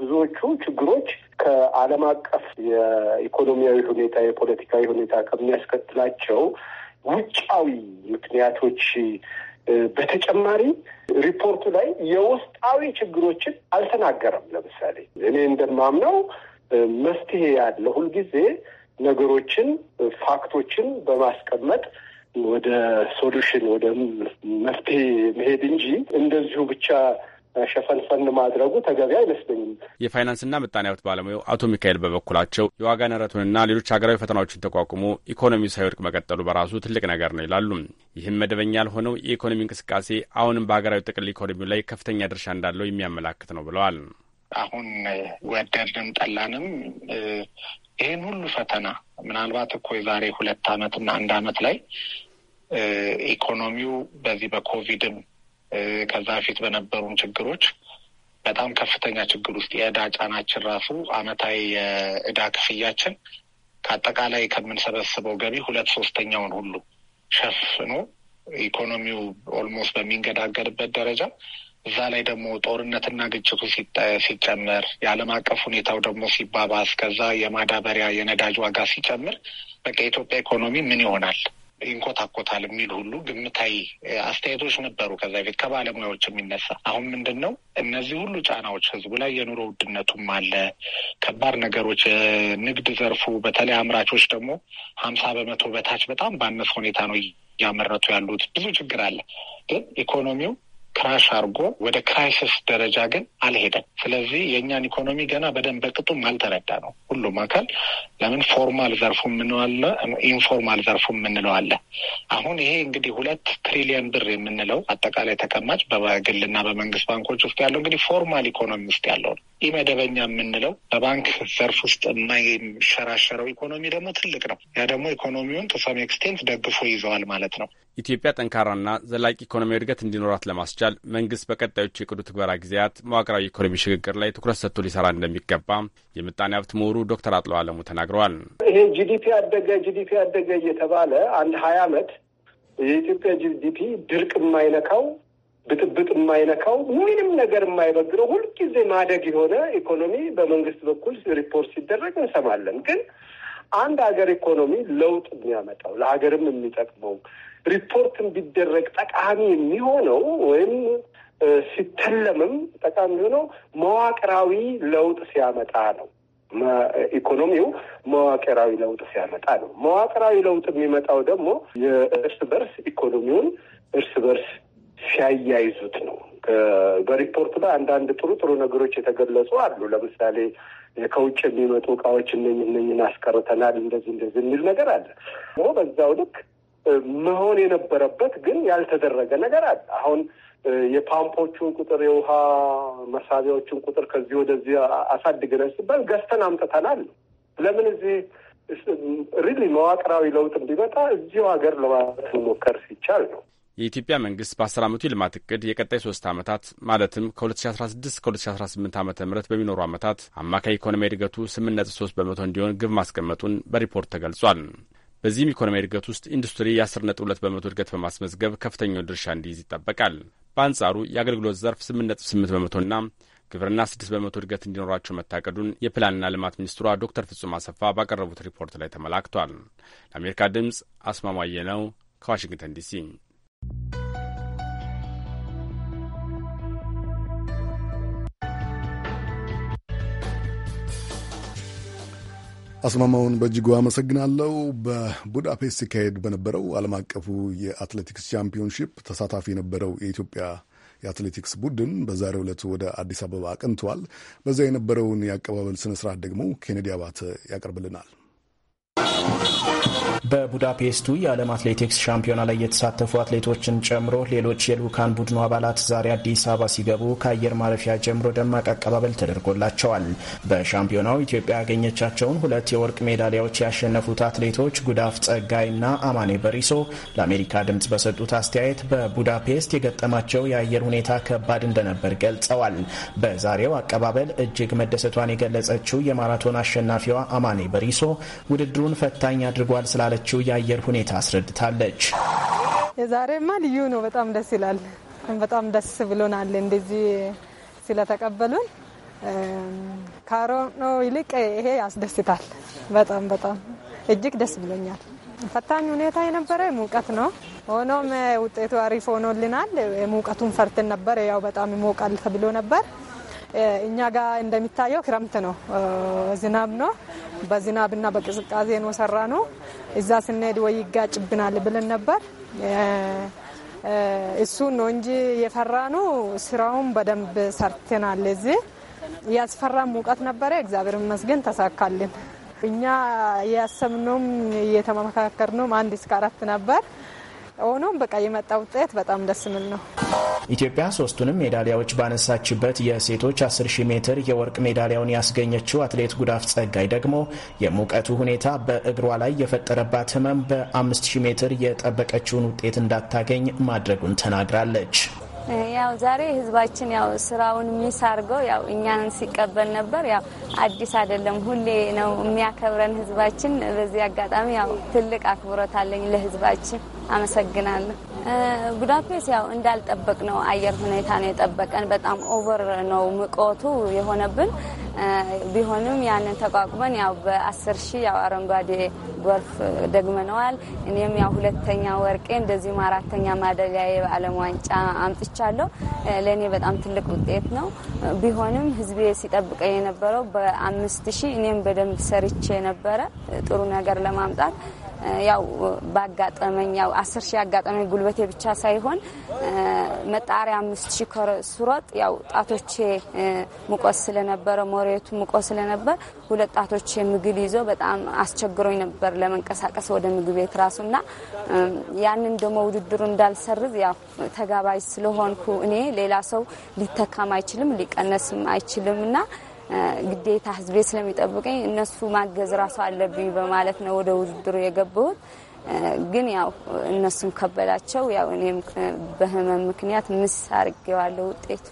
ብዙዎቹ ችግሮች ከዓለም አቀፍ የኢኮኖሚያዊ ሁኔታ የፖለቲካዊ ሁኔታ ከሚያስከትላቸው ውጫዊ ምክንያቶች በተጨማሪ ሪፖርቱ ላይ የውስጣዊ ችግሮችን አልተናገረም። ለምሳሌ እኔ እንደማምነው መፍትሄ ያለ ሁልጊዜ ነገሮችን ፋክቶችን በማስቀመጥ ወደ ሶሉሽን ወደ መፍትሄ መሄድ እንጂ እንደዚሁ ብቻ ሸፈንፈን ማድረጉ ተገቢ አይመስለኝም። የፋይናንስና ምጣኔ ሀብት ባለሙያው አቶ ሚካኤል በበኩላቸው የዋጋ ንረቱንና ሌሎች ሀገራዊ ፈተናዎችን ተቋቁሞ ኢኮኖሚው ሳይወድቅ መቀጠሉ በራሱ ትልቅ ነገር ነው ይላሉ። ይህም መደበኛ ያልሆነው የኢኮኖሚ እንቅስቃሴ አሁንም በሀገራዊ ጥቅል ኢኮኖሚው ላይ ከፍተኛ ድርሻ እንዳለው የሚያመላክት ነው ብለዋል። አሁን ወደድንም ጠላንም ይህን ሁሉ ፈተና ምናልባት እኮ የዛሬ ሁለት አመት እና አንድ አመት ላይ ኢኮኖሚው በዚህ በኮቪድም ከዛ በፊት በነበሩን ችግሮች በጣም ከፍተኛ ችግር ውስጥ የእዳ ጫናችን ራሱ አመታዊ የእዳ ክፍያችን ከአጠቃላይ ከምንሰበስበው ገቢ ሁለት ሶስተኛውን ሁሉ ሸፍኖ ኢኮኖሚው ኦልሞስት በሚንገዳገድበት ደረጃ እዛ ላይ ደግሞ ጦርነትና ግጭቱ ሲጨምር የዓለም አቀፍ ሁኔታው ደግሞ ሲባባስ ከዛ የማዳበሪያ የነዳጅ ዋጋ ሲጨምር በቃ የኢትዮጵያ ኢኮኖሚ ምን ይሆናል ይንኮታኮታል የሚል ሁሉ ግምታዊ አስተያየቶች ነበሩ ከዛ በፊት ከባለሙያዎች የሚነሳ አሁን ምንድን ነው እነዚህ ሁሉ ጫናዎች ህዝቡ ላይ የኑሮ ውድነቱም አለ ከባድ ነገሮች የንግድ ዘርፉ በተለይ አምራቾች ደግሞ ሀምሳ በመቶ በታች በጣም ባነሰ ሁኔታ ነው እያመረቱ ያሉት ብዙ ችግር አለ ግን ኢኮኖሚው ክራሽ አድርጎ ወደ ክራይሲስ ደረጃ ግን አልሄደም። ስለዚህ የእኛን ኢኮኖሚ ገና በደንብ በቅጡም አልተረዳ ነው ሁሉም አካል። ለምን ፎርማል ዘርፉ የምንለዋለ ኢንፎርማል ዘርፉ የምንለዋለ። አሁን ይሄ እንግዲህ ሁለት ትሪሊየን ብር የምንለው አጠቃላይ ተቀማጭ በግልና በመንግስት ባንኮች ውስጥ ያለው እንግዲህ ፎርማል ኢኮኖሚ ውስጥ ያለው ነው። ኢመደበኛ የምንለው በባንክ ዘርፍ ውስጥ የማይሸራሸረው ኢኮኖሚ ደግሞ ትልቅ ነው። ያ ደግሞ ኢኮኖሚውን ቱሰም ኤክስቴንት ደግፎ ይዘዋል ማለት ነው። ኢትዮጵያ ጠንካራና ዘላቂ ኢኮኖሚያዊ እድገት እንዲኖራት ለማስቻል መንግስት በቀጣዮች የቅዱ ትግበራ ጊዜያት መዋቅራዊ ኢኮኖሚ ሽግግር ላይ ትኩረት ሰጥቶ ሊሰራ እንደሚገባ የምጣኔ ሀብት ምሁሩ ዶክተር አጥለው አለሙ ተናግረዋል። ይሄ ጂዲፒ አደገ ጂዲፒ አደገ እየተባለ አንድ ሀያ አመት የኢትዮጵያ ጂዲፒ ድርቅ የማይነካው ብጥብጥ የማይነካው ምንም ነገር የማይበግረው ሁልጊዜ ማደግ የሆነ ኢኮኖሚ በመንግስት በኩል ሪፖርት ሲደረግ እንሰማለን። ግን አንድ ሀገር ኢኮኖሚ ለውጥ የሚያመጣው ለሀገርም የሚጠቅመው ሪፖርትን ቢደረግ ጠቃሚ የሚሆነው ወይም ሲተለምም ጠቃሚ የሆነው መዋቅራዊ ለውጥ ሲያመጣ ነው። ኢኮኖሚው መዋቅራዊ ለውጥ ሲያመጣ ነው። መዋቅራዊ ለውጥ የሚመጣው ደግሞ የእርስ በርስ ኢኮኖሚውን እርስ በርስ ሲያያይዙት ነው። በሪፖርቱ ላይ አንዳንድ ጥሩ ጥሩ ነገሮች የተገለጹ አሉ። ለምሳሌ ከውጭ የሚመጡ እቃዎች እነኝ እነኝህን አስቀርተናል፣ እንደዚህ እንደዚህ የሚል ነገር አለ። በዛው ልክ መሆን የነበረበት ግን ያልተደረገ ነገር አለ። አሁን የፓምፖቹን ቁጥር የውሃ መሳቢያዎቹን ቁጥር ከዚህ ወደዚህ አሳድገን ሲባል ገዝተን አምጥተናል። ለምን እዚህ ሪሊ መዋቅራዊ ለውጥ እንዲመጣ እዚሁ ሀገር ለማለት መሞከር ሲቻል ነው። የኢትዮጵያ መንግስት በ በአስር ዓመቱ የልማት እቅድ የቀጣይ ሶስት ዓመታት ማለትም ከ2016 እስከ 2018 ዓ ም በሚኖሩ ዓመታት አማካይ ኢኮኖሚያዊ እድገቱ 8.3 በመቶ እንዲሆን ግብ ማስቀመጡን በሪፖርት ተገልጿል። በዚህም ኢኮኖሚያዊ እድገት ውስጥ ኢንዱስትሪ የ10.2 በመቶ እድገት በማስመዝገብ ከፍተኛውን ድርሻ እንዲይዝ ይጠበቃል። በአንጻሩ የአገልግሎት ዘርፍ 8.8 በመቶና ግብርና 6 በመቶ እድገት እንዲኖራቸው መታቀዱን የፕላንና ልማት ሚኒስትሯ ዶክተር ፍጹም አሰፋ ባቀረቡት ሪፖርት ላይ ተመላክቷል። ለአሜሪካ ድምፅ አስማማየ ነው ከዋሽንግተን ዲሲ አስማማውን በእጅጉ አመሰግናለሁ። በቡዳፔስት ሲካሄድ በነበረው ዓለም አቀፉ የአትሌቲክስ ቻምፒዮንሺፕ ተሳታፊ የነበረው የኢትዮጵያ የአትሌቲክስ ቡድን በዛሬው ዕለት ወደ አዲስ አበባ አቅንተዋል። በዚያ የነበረውን የአቀባበል ስነ ስርዓት ደግሞ ኬኔዲ አባተ ያቀርብልናል። በቡዳፔስቱ የዓለም አትሌቲክስ ሻምፒዮና ላይ የተሳተፉ አትሌቶችን ጨምሮ ሌሎች የልዑካን ቡድኑ አባላት ዛሬ አዲስ አበባ ሲገቡ ከአየር ማረፊያ ጀምሮ ደማቅ አቀባበል ተደርጎላቸዋል። በሻምፒዮናው ኢትዮጵያ ያገኘቻቸውን ሁለት የወርቅ ሜዳሊያዎች ያሸነፉት አትሌቶች ጉዳፍ ጸጋይና አማኔ በሪሶ ለአሜሪካ ድምፅ በሰጡት አስተያየት በቡዳፔስት የገጠማቸው የአየር ሁኔታ ከባድ እንደነበር ገልጸዋል። በዛሬው አቀባበል እጅግ መደሰቷን የገለጸችው የማራቶን አሸናፊዋ አማኔ በሪሶ ውድድሩ እቅዱን ፈታኝ አድርጓል ስላለችው የአየር ሁኔታ አስረድታለች። የዛሬማ ልዩ ነው። በጣም ደስ ይላል። በጣም ደስ ብሎናል እንደዚህ ስለተቀበሉን ካሮኖ ይልቅ ይሄ ያስደስታል። በጣም በጣም እጅግ ደስ ብሎኛል። ፈታኝ ሁኔታ የነበረ ሙቀት ነው። ሆኖም ውጤቱ አሪፍ ሆኖልናል። ሙቀቱን ፈርትን ነበር። ያው በጣም ይሞቃል ተብሎ ነበር እኛ ጋር እንደሚታየው ክረምት ነው፣ ዝናብ ነው። በዝናብና በቅዝቃዜ ነው ሰራ ነው። እዛ ስንሄድ ወይ ይጋጭብናል ብለን ነበር። እሱን ነው እንጂ የፈራ ነው። ስራውን በደንብ ሰርተናል። እዚህ ያስፈራ ሙቀት ነበረ። እግዚአብሔር ይመስገን ተሳካልን። እኛ ያሰብነውም እየተመካከርነውም አንድ እስከ አራት ነበር። ሆኖም በቃ የመጣው ውጤት በጣም ደስ የሚል ነው። ኢትዮጵያ ሶስቱንም ሜዳሊያዎች ባነሳችበት የሴቶች 10 ሜትር የወርቅ ሜዳሊያውን ያስገኘችው አትሌት ጉዳፍ ጸጋይ ደግሞ የሙቀቱ ሁኔታ በእግሯ ላይ የፈጠረባት ህመም በ5000 ሜትር የጠበቀችውን ውጤት እንዳታገኝ ማድረጉን ተናግራለች። ያው ዛሬ ህዝባችን ያው ስራውን ሚስ አድርገው ያው እኛን ሲቀበል ነበር። ያው አዲስ አይደለም፣ ሁሌ ነው የሚያከብረን ህዝባችን። በዚህ አጋጣሚ ያው ትልቅ አክብሮት አለኝ ለህዝባችን። አመሰግናለሁ። ቡዳፔስት ያው እንዳልጠበቅ ነው አየር ሁኔታ ነው የጠበቀን። በጣም ኦቨር ነው ምቆቱ የሆነብን። ቢሆንም ያንን ተቋቁመን ያው በአስር ሺህ ያው አረንጓዴ ጎርፍ ደግመነዋል። እኔም ያው ሁለተኛ ወርቄ እንደዚሁም አራተኛ ማደሪያ የዓለም ዋንጫ አምጥቼ ሰርቻለሁ። ለእኔ በጣም ትልቅ ውጤት ነው። ቢሆንም ህዝብ ሲጠብቀኝ የነበረው በአምስት ሺህ እኔም በደንብ ሰርቼ ነበረ ጥሩ ነገር ለማምጣት ያው ባጋጠመኝ ያው አስር ሺህ ያጋጠመኝ ጉልበቴ ብቻ ሳይሆን መጣሪያ አምስት ሺህ ስሮጥ ያው ጣቶቼ ሙቆስ ስለነበረ መሬቱ ሙቆስ ስለነበር ሁለት ጣቶቼ ምግብ ይዞ በጣም አስቸግሮኝ ነበር ለመንቀሳቀስ ወደ ምግብ ቤት ራሱ እና ያንን ደግሞ ውድድሩ እንዳልሰርዝ ያው ተጋባዥ ስለሆንኩ እኔ ሌላ ሰው ሊተካም አይችልም ሊቀነስም አይችልም እና ግዴታ ህዝቤ ስለሚጠብቀኝ እነሱ ማገዝ ራሱ አለብኝ በማለት ነው ወደ ውድድሩ የገባሁት። ግን ያው እነሱም ከበዳቸው። ያው እኔም በህመም ምክንያት ምስ አርጌዋለሁ ውጤቱ።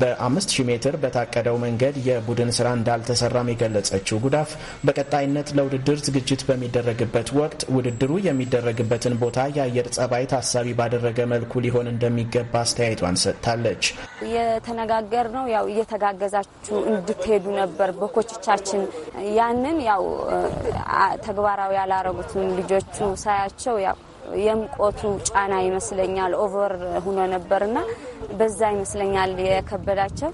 በአምስት ሺህ ሜትር በታቀደው መንገድ የቡድን ስራ እንዳልተሰራም የገለጸችው ጉዳፍ በቀጣይነት ለውድድር ዝግጅት በሚደረግበት ወቅት ውድድሩ የሚደረግበትን ቦታ የአየር ጸባይ ታሳቢ ባደረገ መልኩ ሊሆን እንደሚገባ አስተያየቷን ሰጥታለች። የተነጋገር ነው ያው እየተጋገዛችሁ እንድትሄዱ ነበር በኮቾቻችን። ያንን ያው ተግባራዊ ያላረጉትን ልጆቹ ሳያቸው ያው የምቆቱ ጫና ይመስለኛል ኦቨር ሁኖ ነበርና በዛ ይመስለኛል የከበዳቸው።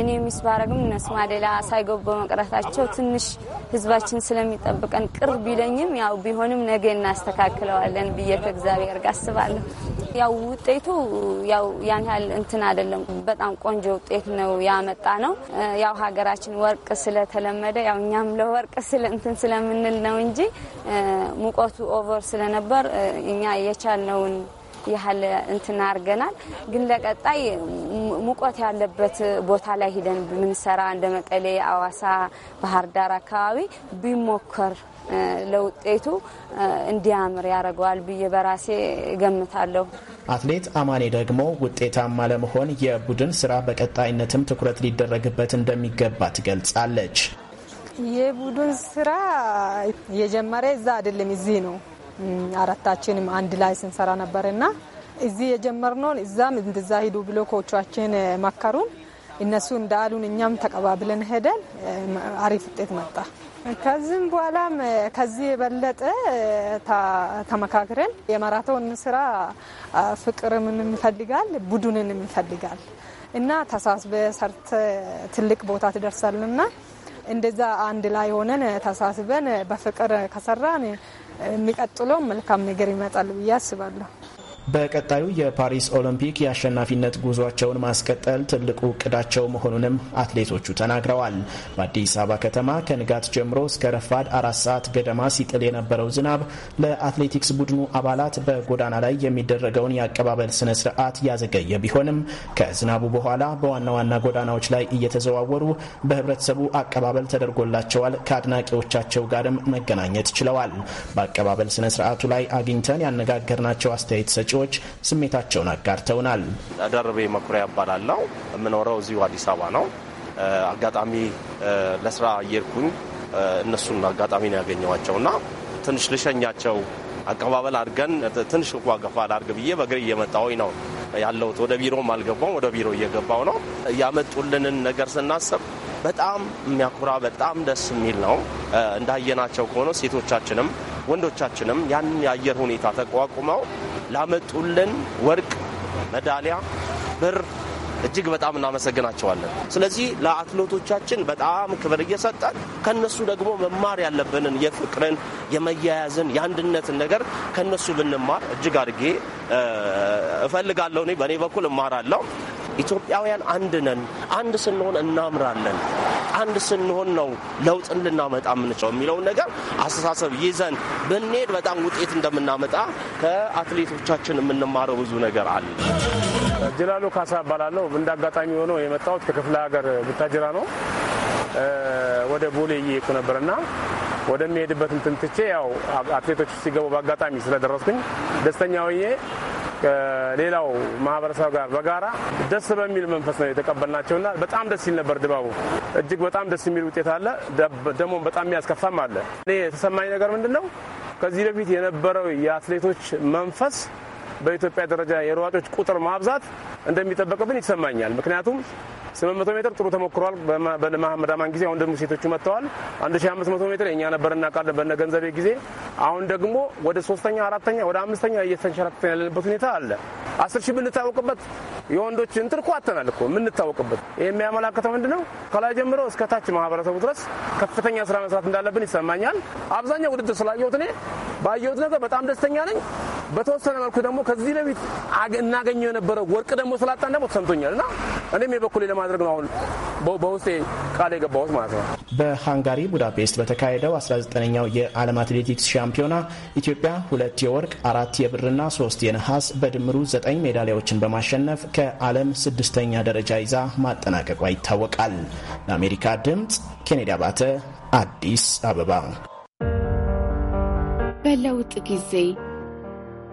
እኔ ሚስ ባረግም ነስማ ሌላ ሳይገቡ በመቅረታቸው ትንሽ ህዝባችን ስለሚጠብቀን ቅር ቢለኝም ያው ቢሆንም ነገ እናስተካክለዋለን ብዬ ከእግዚአብሔር ጋር አስባለሁ። ያው ውጤቱ ያው ያን ያህል እንትን አይደለም። በጣም ቆንጆ ውጤት ነው ያመጣ ነው። ያው ሀገራችን ወርቅ ስለተለመደ ያው እኛም ለወርቅ ስለ እንትን ስለምንል ነው እንጂ ሙቀቱ ኦቨር ስለነበር እኛ የቻልነውን ያህል እንትን አድርገናል። ግን ለቀጣይ ሙቀት ያለበት ቦታ ላይ ሂደን ብንሰራ እንደ መቀሌ፣ አዋሳ፣ ባህር ዳር አካባቢ ቢሞከር ለውጤቱ እንዲያምር ያደርገዋል ብዬ በራሴ እገምታለሁ። አትሌት አማኔ ደግሞ ውጤታማ ለመሆን የቡድን ስራ በቀጣይነትም ትኩረት ሊደረግበት እንደሚገባ ትገልጻለች። የቡድን ስራ የጀመረ እዛ አይደለም፣ እዚህ ነው አራታችንም አንድ ላይ ስንሰራ ነበርና እዚህ የጀመርነውን እዛም እንደዛ ሂዱ ብሎ ኮቻችን መከሩን። እነሱ እንዳሉን እኛም ተቀባብለን ሄደን አሪፍ ውጤት መጣ። ከዚህም በኋላም ከዚህ የበለጠ ተመካክረን የማራቶን ስራ ፍቅርምን ይፈልጋል፣ ቡድንንም ይፈልጋል እና ተሳስበ ሰርተ ትልቅ ቦታ ትደርሳልና እንደዛ አንድ ላይ ሆነን ተሳስበን በፍቅር ከሰራን የሚቀጥለው መልካም ነገር ይመጣል ብዬ አስባለሁ። በቀጣዩ የፓሪስ ኦሎምፒክ የአሸናፊነት ጉዟቸውን ማስቀጠል ትልቁ እቅዳቸው መሆኑንም አትሌቶቹ ተናግረዋል። በአዲስ አበባ ከተማ ከንጋት ጀምሮ እስከ ረፋድ አራት ሰዓት ገደማ ሲጥል የነበረው ዝናብ ለአትሌቲክስ ቡድኑ አባላት በጎዳና ላይ የሚደረገውን የአቀባበል ስነ ስርዓት ያዘገየ ቢሆንም ከዝናቡ በኋላ በዋና ዋና ጎዳናዎች ላይ እየተዘዋወሩ በህብረተሰቡ አቀባበል ተደርጎላቸዋል። ከአድናቂዎቻቸው ጋርም መገናኘት ችለዋል። በአቀባበል ስነ ስርዓቱ ላይ አግኝተን ያነጋገርናቸው አስተያየት ሰጪ ወጣቶች ስሜታቸውን አጋርተውናል። ደርቤ መኩሪያ እባላለሁ። የምኖረው እዚሁ አዲስ አበባ ነው። አጋጣሚ ለስራ አየርኩኝ እነሱን አጋጣሚ ነው ያገኘዋቸውና ትንሽ ልሸኛቸው አቀባበል አድርገን ትንሽ እንኳ ገፋ ላድርግ ብዬ በእግር እየመጣሁኝ ነው ያለሁት። ወደ ቢሮም አልገባሁም፣ ወደ ቢሮ እየገባሁ ነው። ያመጡልንን ነገር ስናስብ በጣም የሚያኩራ በጣም ደስ የሚል ነው። እንዳየናቸው ከሆነ ሴቶቻችንም ወንዶቻችንም ያንን የአየር ሁኔታ ተቋቁመው ላመጡልን ወርቅ፣ መዳሊያ፣ ብር እጅግ በጣም እናመሰግናቸዋለን። ስለዚህ ለአትሌቶቻችን በጣም ክብር እየሰጠን ከነሱ ደግሞ መማር ያለብንን የፍቅርን፣ የመያያዝን፣ የአንድነትን ነገር ከነሱ ብንማር እጅግ አድርጌ እፈልጋለሁ። እኔ በእኔ በኩል እማራለሁ። ኢትዮጵያውያን አንድ ነን። አንድ ስንሆን እናምራለን። አንድ ስንሆን ነው ለውጥን ልናመጣ የምንችለው የሚለውን ነገር አስተሳሰብ ይዘን ብንሄድ በጣም ውጤት እንደምናመጣ ከአትሌቶቻችን የምንማረው ብዙ ነገር አለ። ጅላሎ ካሳ እባላለሁ። እንደ አጋጣሚ ሆኖ የመጣሁት ከክፍለ ሀገር ብታጅራ ነው። ወደ ቦሌ እየሄድኩ ነበርና ወደሚሄድበት እንትን ትቼ ያው አትሌቶች ሲገቡ በአጋጣሚ ስለደረስኩኝ ደስተኛ ሆኜ ከሌላው ማህበረሰብ ጋር በጋራ ደስ በሚል መንፈስ ነው የተቀበልናቸውና በጣም ደስ ይል ነበር ድባቡ። እጅግ በጣም ደስ የሚል ውጤት አለ፣ ደግሞ በጣም የሚያስከፋም አለ። እኔ የተሰማኝ ነገር ምንድን ነው ከዚህ በፊት የነበረው የአትሌቶች መንፈስ በኢትዮጵያ ደረጃ የሯጮች ቁጥር ማብዛት እንደሚጠበቅብን ይሰማኛል። ምክንያቱም ስምንት መቶ ሜትር ጥሩ ተሞክሯል። በመሐመድ አማን ጊዜ አሁን ደግሞ ሴቶቹ መጥተዋል። አንድ ሺ አምስት መቶ ሜትር የኛ ነበር እናውቃለን፣ በነ ገንዘቤ ጊዜ። አሁን ደግሞ ወደ ሶስተኛ አራተኛ ወደ አምስተኛ እየተንሸራተት ያለንበት ሁኔታ አለ። አስር ሺህ የምንታወቅበት የወንዶች እንትን እኮ አተናል እኮ የምንታወቅበት። ይህ የሚያመላክተው ምንድን ነው? ከላይ ጀምሮ እስከ ታች ማህበረሰቡ ድረስ ከፍተኛ ስራ መስራት እንዳለብን ይሰማኛል። አብዛኛው ውድድር ስላየሁት እኔ ባየሁት ነገር በጣም ደስተኛ ነኝ። በተወሰነ መልኩ ደግሞ ከዚህ በፊት እናገኘው የነበረው ወርቅ ደግሞ ስላጣን ደግሞ ተሰምቶኛል እና እኔም የበኩሌ ለማድረግ ነው አሁን በውስጤ ቃል የገባሁት ማለት ነው። በሃንጋሪ ቡዳፔስት በተካሄደው 19ኛው የዓለም አትሌቲክስ ሻምፒዮና ኢትዮጵያ ሁለት የወርቅ አራት የብርና ሶስት የነሐስ በድምሩ ዘጠኝ ሜዳሊያዎችን በማሸነፍ ከዓለም ስድስተኛ ደረጃ ይዛ ማጠናቀቋ ይታወቃል። ለአሜሪካ ድምፅ ኬኔዲ አባተ አዲስ አበባ። በለውጥ ጊዜ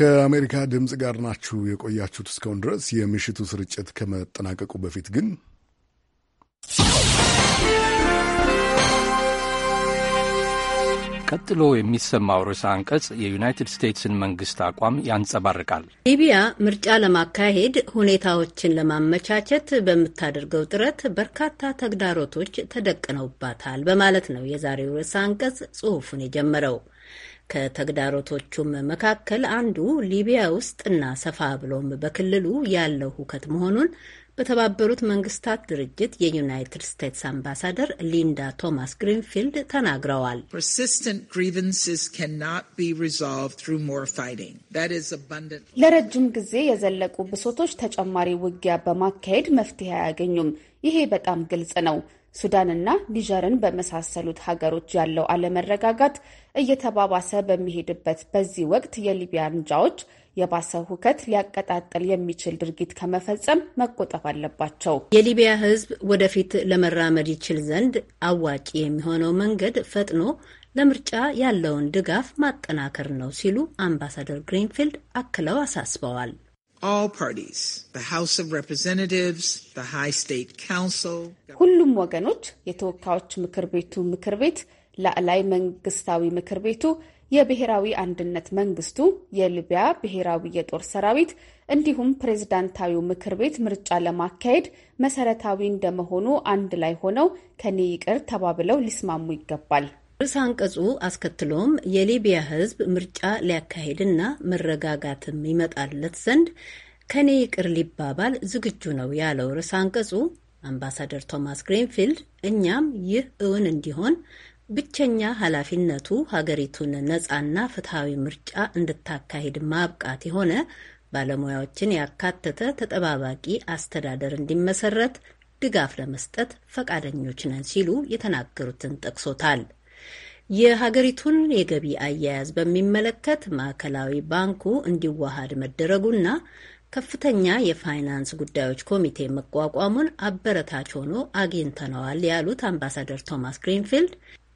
ከአሜሪካ ድምፅ ጋር ናችሁ የቆያችሁት እስካሁን ድረስ። የምሽቱ ስርጭት ከመጠናቀቁ በፊት ግን ቀጥሎ የሚሰማው ርዕሰ አንቀጽ የዩናይትድ ስቴትስን መንግስት አቋም ያንጸባርቃል። ሊቢያ ምርጫ ለማካሄድ ሁኔታዎችን ለማመቻቸት በምታደርገው ጥረት በርካታ ተግዳሮቶች ተደቅነውባታል በማለት ነው የዛሬው ርዕሰ አንቀጽ ጽሑፉን የጀመረው። ከተግዳሮቶቹም መካከል አንዱ ሊቢያ ውስጥና ሰፋ ብሎም በክልሉ ያለው ሁከት መሆኑን በተባበሩት መንግስታት ድርጅት የዩናይትድ ስቴትስ አምባሳደር ሊንዳ ቶማስ ግሪንፊልድ ተናግረዋል። ለረጅም ጊዜ የዘለቁ ብሶቶች ተጨማሪ ውጊያ በማካሄድ መፍትሄ አያገኙም። ይሄ በጣም ግልጽ ነው። ሱዳንና ኒጀርን በመሳሰሉት ሀገሮች ያለው አለመረጋጋት እየተባባሰ በሚሄድበት በዚህ ወቅት የሊቢያ አንጃዎች የባሰ ሁከት ሊያቀጣጥል የሚችል ድርጊት ከመፈጸም መቆጠብ አለባቸው። የሊቢያ ሕዝብ ወደፊት ለመራመድ ይችል ዘንድ አዋጪ የሚሆነው መንገድ ፈጥኖ ለምርጫ ያለውን ድጋፍ ማጠናከር ነው ሲሉ አምባሳደር ግሪንፊልድ አክለው አሳስበዋል። ሁሉም ወገኖች የተወካዮች ምክር ቤቱ ምክር ቤት፣ ላዕላይ መንግስታዊ ምክር ቤቱ፣ የብሔራዊ አንድነት መንግስቱ፣ የሊቢያ ብሔራዊ የጦር ሰራዊት እንዲሁም ፕሬዝዳንታዊው ምክር ቤት ምርጫ ለማካሄድ መሰረታዊ እንደመሆኑ አንድ ላይ ሆነው ከኔ ይቅር ተባብለው ሊስማሙ ይገባል። ርዕስ አንቀጹ አስከትሎም የሊቢያ ሕዝብ ምርጫ ሊያካሂድና መረጋጋትም ይመጣለት ዘንድ ከኔ ይቅር ሊባባል ዝግጁ ነው ያለው ርዕስ አንቀጹ አምባሳደር ቶማስ ግሪንፊልድ እኛም ይህ እውን እንዲሆን ብቸኛ ኃላፊነቱ ሀገሪቱን ነፃና ፍትሐዊ ምርጫ እንድታካሄድ ማብቃት የሆነ ባለሙያዎችን ያካተተ ተጠባባቂ አስተዳደር እንዲመሰረት ድጋፍ ለመስጠት ፈቃደኞች ነን ሲሉ የተናገሩትን ጠቅሶታል። የሀገሪቱን የገቢ አያያዝ በሚመለከት ማዕከላዊ ባንኩ እንዲዋሃድ መደረጉና ከፍተኛ የፋይናንስ ጉዳዮች ኮሚቴ መቋቋሙን አበረታች ሆኖ አግኝተነዋል ያሉት አምባሳደር ቶማስ ግሪንፊልድ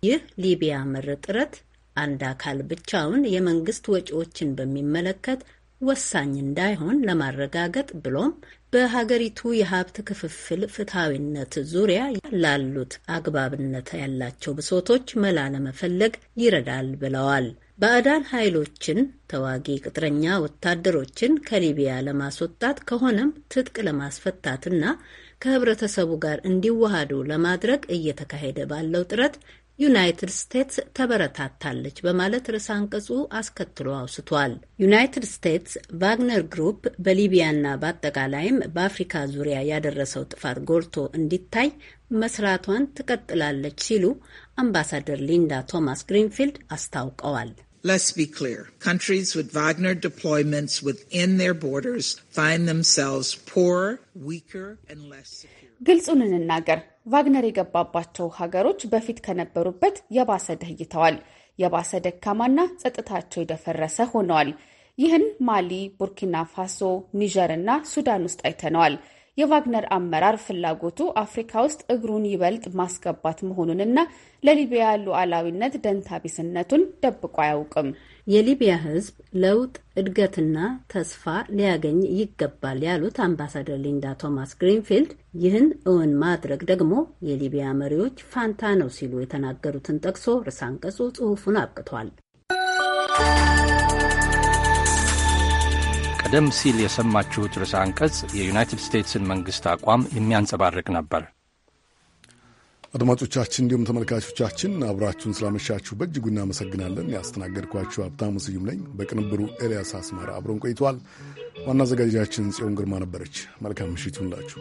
ይህ ሊቢያ መር ጥረት አንድ አካል ብቻውን የመንግስት ወጪዎችን በሚመለከት ወሳኝ እንዳይሆን ለማረጋገጥ ብሎም በሀገሪቱ የሀብት ክፍፍል ፍትሐዊነት ዙሪያ ላሉት አግባብነት ያላቸው ብሶቶች መላ ለመፈለግ ይረዳል ብለዋል። ባዕዳን ኃይሎችን፣ ተዋጊ ቅጥረኛ ወታደሮችን ከሊቢያ ለማስወጣት ከሆነም ትጥቅ ለማስፈታትና ከህብረተሰቡ ጋር እንዲዋሃዱ ለማድረግ እየተካሄደ ባለው ጥረት ዩናይትድ ስቴትስ ተበረታታለች በማለት ርዕሰ አንቀጹ አስከትሎ አውስቷል። ዩናይትድ ስቴትስ ቫግነር ግሩፕ በሊቢያና በአጠቃላይም በአፍሪካ ዙሪያ ያደረሰው ጥፋት ጎልቶ እንዲታይ መስራቷን ትቀጥላለች ሲሉ አምባሳደር ሊንዳ ቶማስ ግሪንፊልድ አስታውቀዋል። Let's be clear. Countries with Wagner deployments within their borders find themselves poorer, weaker, and less secure. ግልጹን እንናገር ቫግነር የገባባቸው ሀገሮች በፊት ከነበሩበት የባሰ ደህይተዋል፣ የባሰ ደካማና ጸጥታቸው የደፈረሰ ሆነዋል። ይህን ማሊ፣ ቡርኪና ፋሶ፣ ኒጀር እና ሱዳን ውስጥ አይተነዋል። የቫግነር አመራር ፍላጎቱ አፍሪካ ውስጥ እግሩን ይበልጥ ማስገባት መሆኑንና ለሊቢያ ሉዓላዊነት ደንታቢስነቱን ደብቆ አያውቅም። የሊቢያ ሕዝብ ለውጥ እድገትና ተስፋ ሊያገኝ ይገባል ያሉት አምባሳደር ሊንዳ ቶማስ ግሪንፊልድ ይህን እውን ማድረግ ደግሞ የሊቢያ መሪዎች ፋንታ ነው ሲሉ የተናገሩትን ጠቅሶ ርዕሰ አንቀጹ ጽሑፉን አብቅቷል። ቀደም ሲል የሰማችሁት ርዕሰ አንቀጽ የዩናይትድ ስቴትስን መንግሥት አቋም የሚያንጸባርቅ ነበር። አድማጮቻችን እንዲሁም ተመልካቾቻችን አብራችሁን ስላመሻችሁ በእጅጉ እናመሰግናለን። ያስተናገድኳችሁ ሀብታሙ ስዩም ነኝ። በቅንብሩ ኤልያስ አስማራ አብሮን ቆይተዋል። ዋና አዘጋጃችን ጽዮን ግርማ ነበረች። መልካም ምሽት ይሁንላችሁ።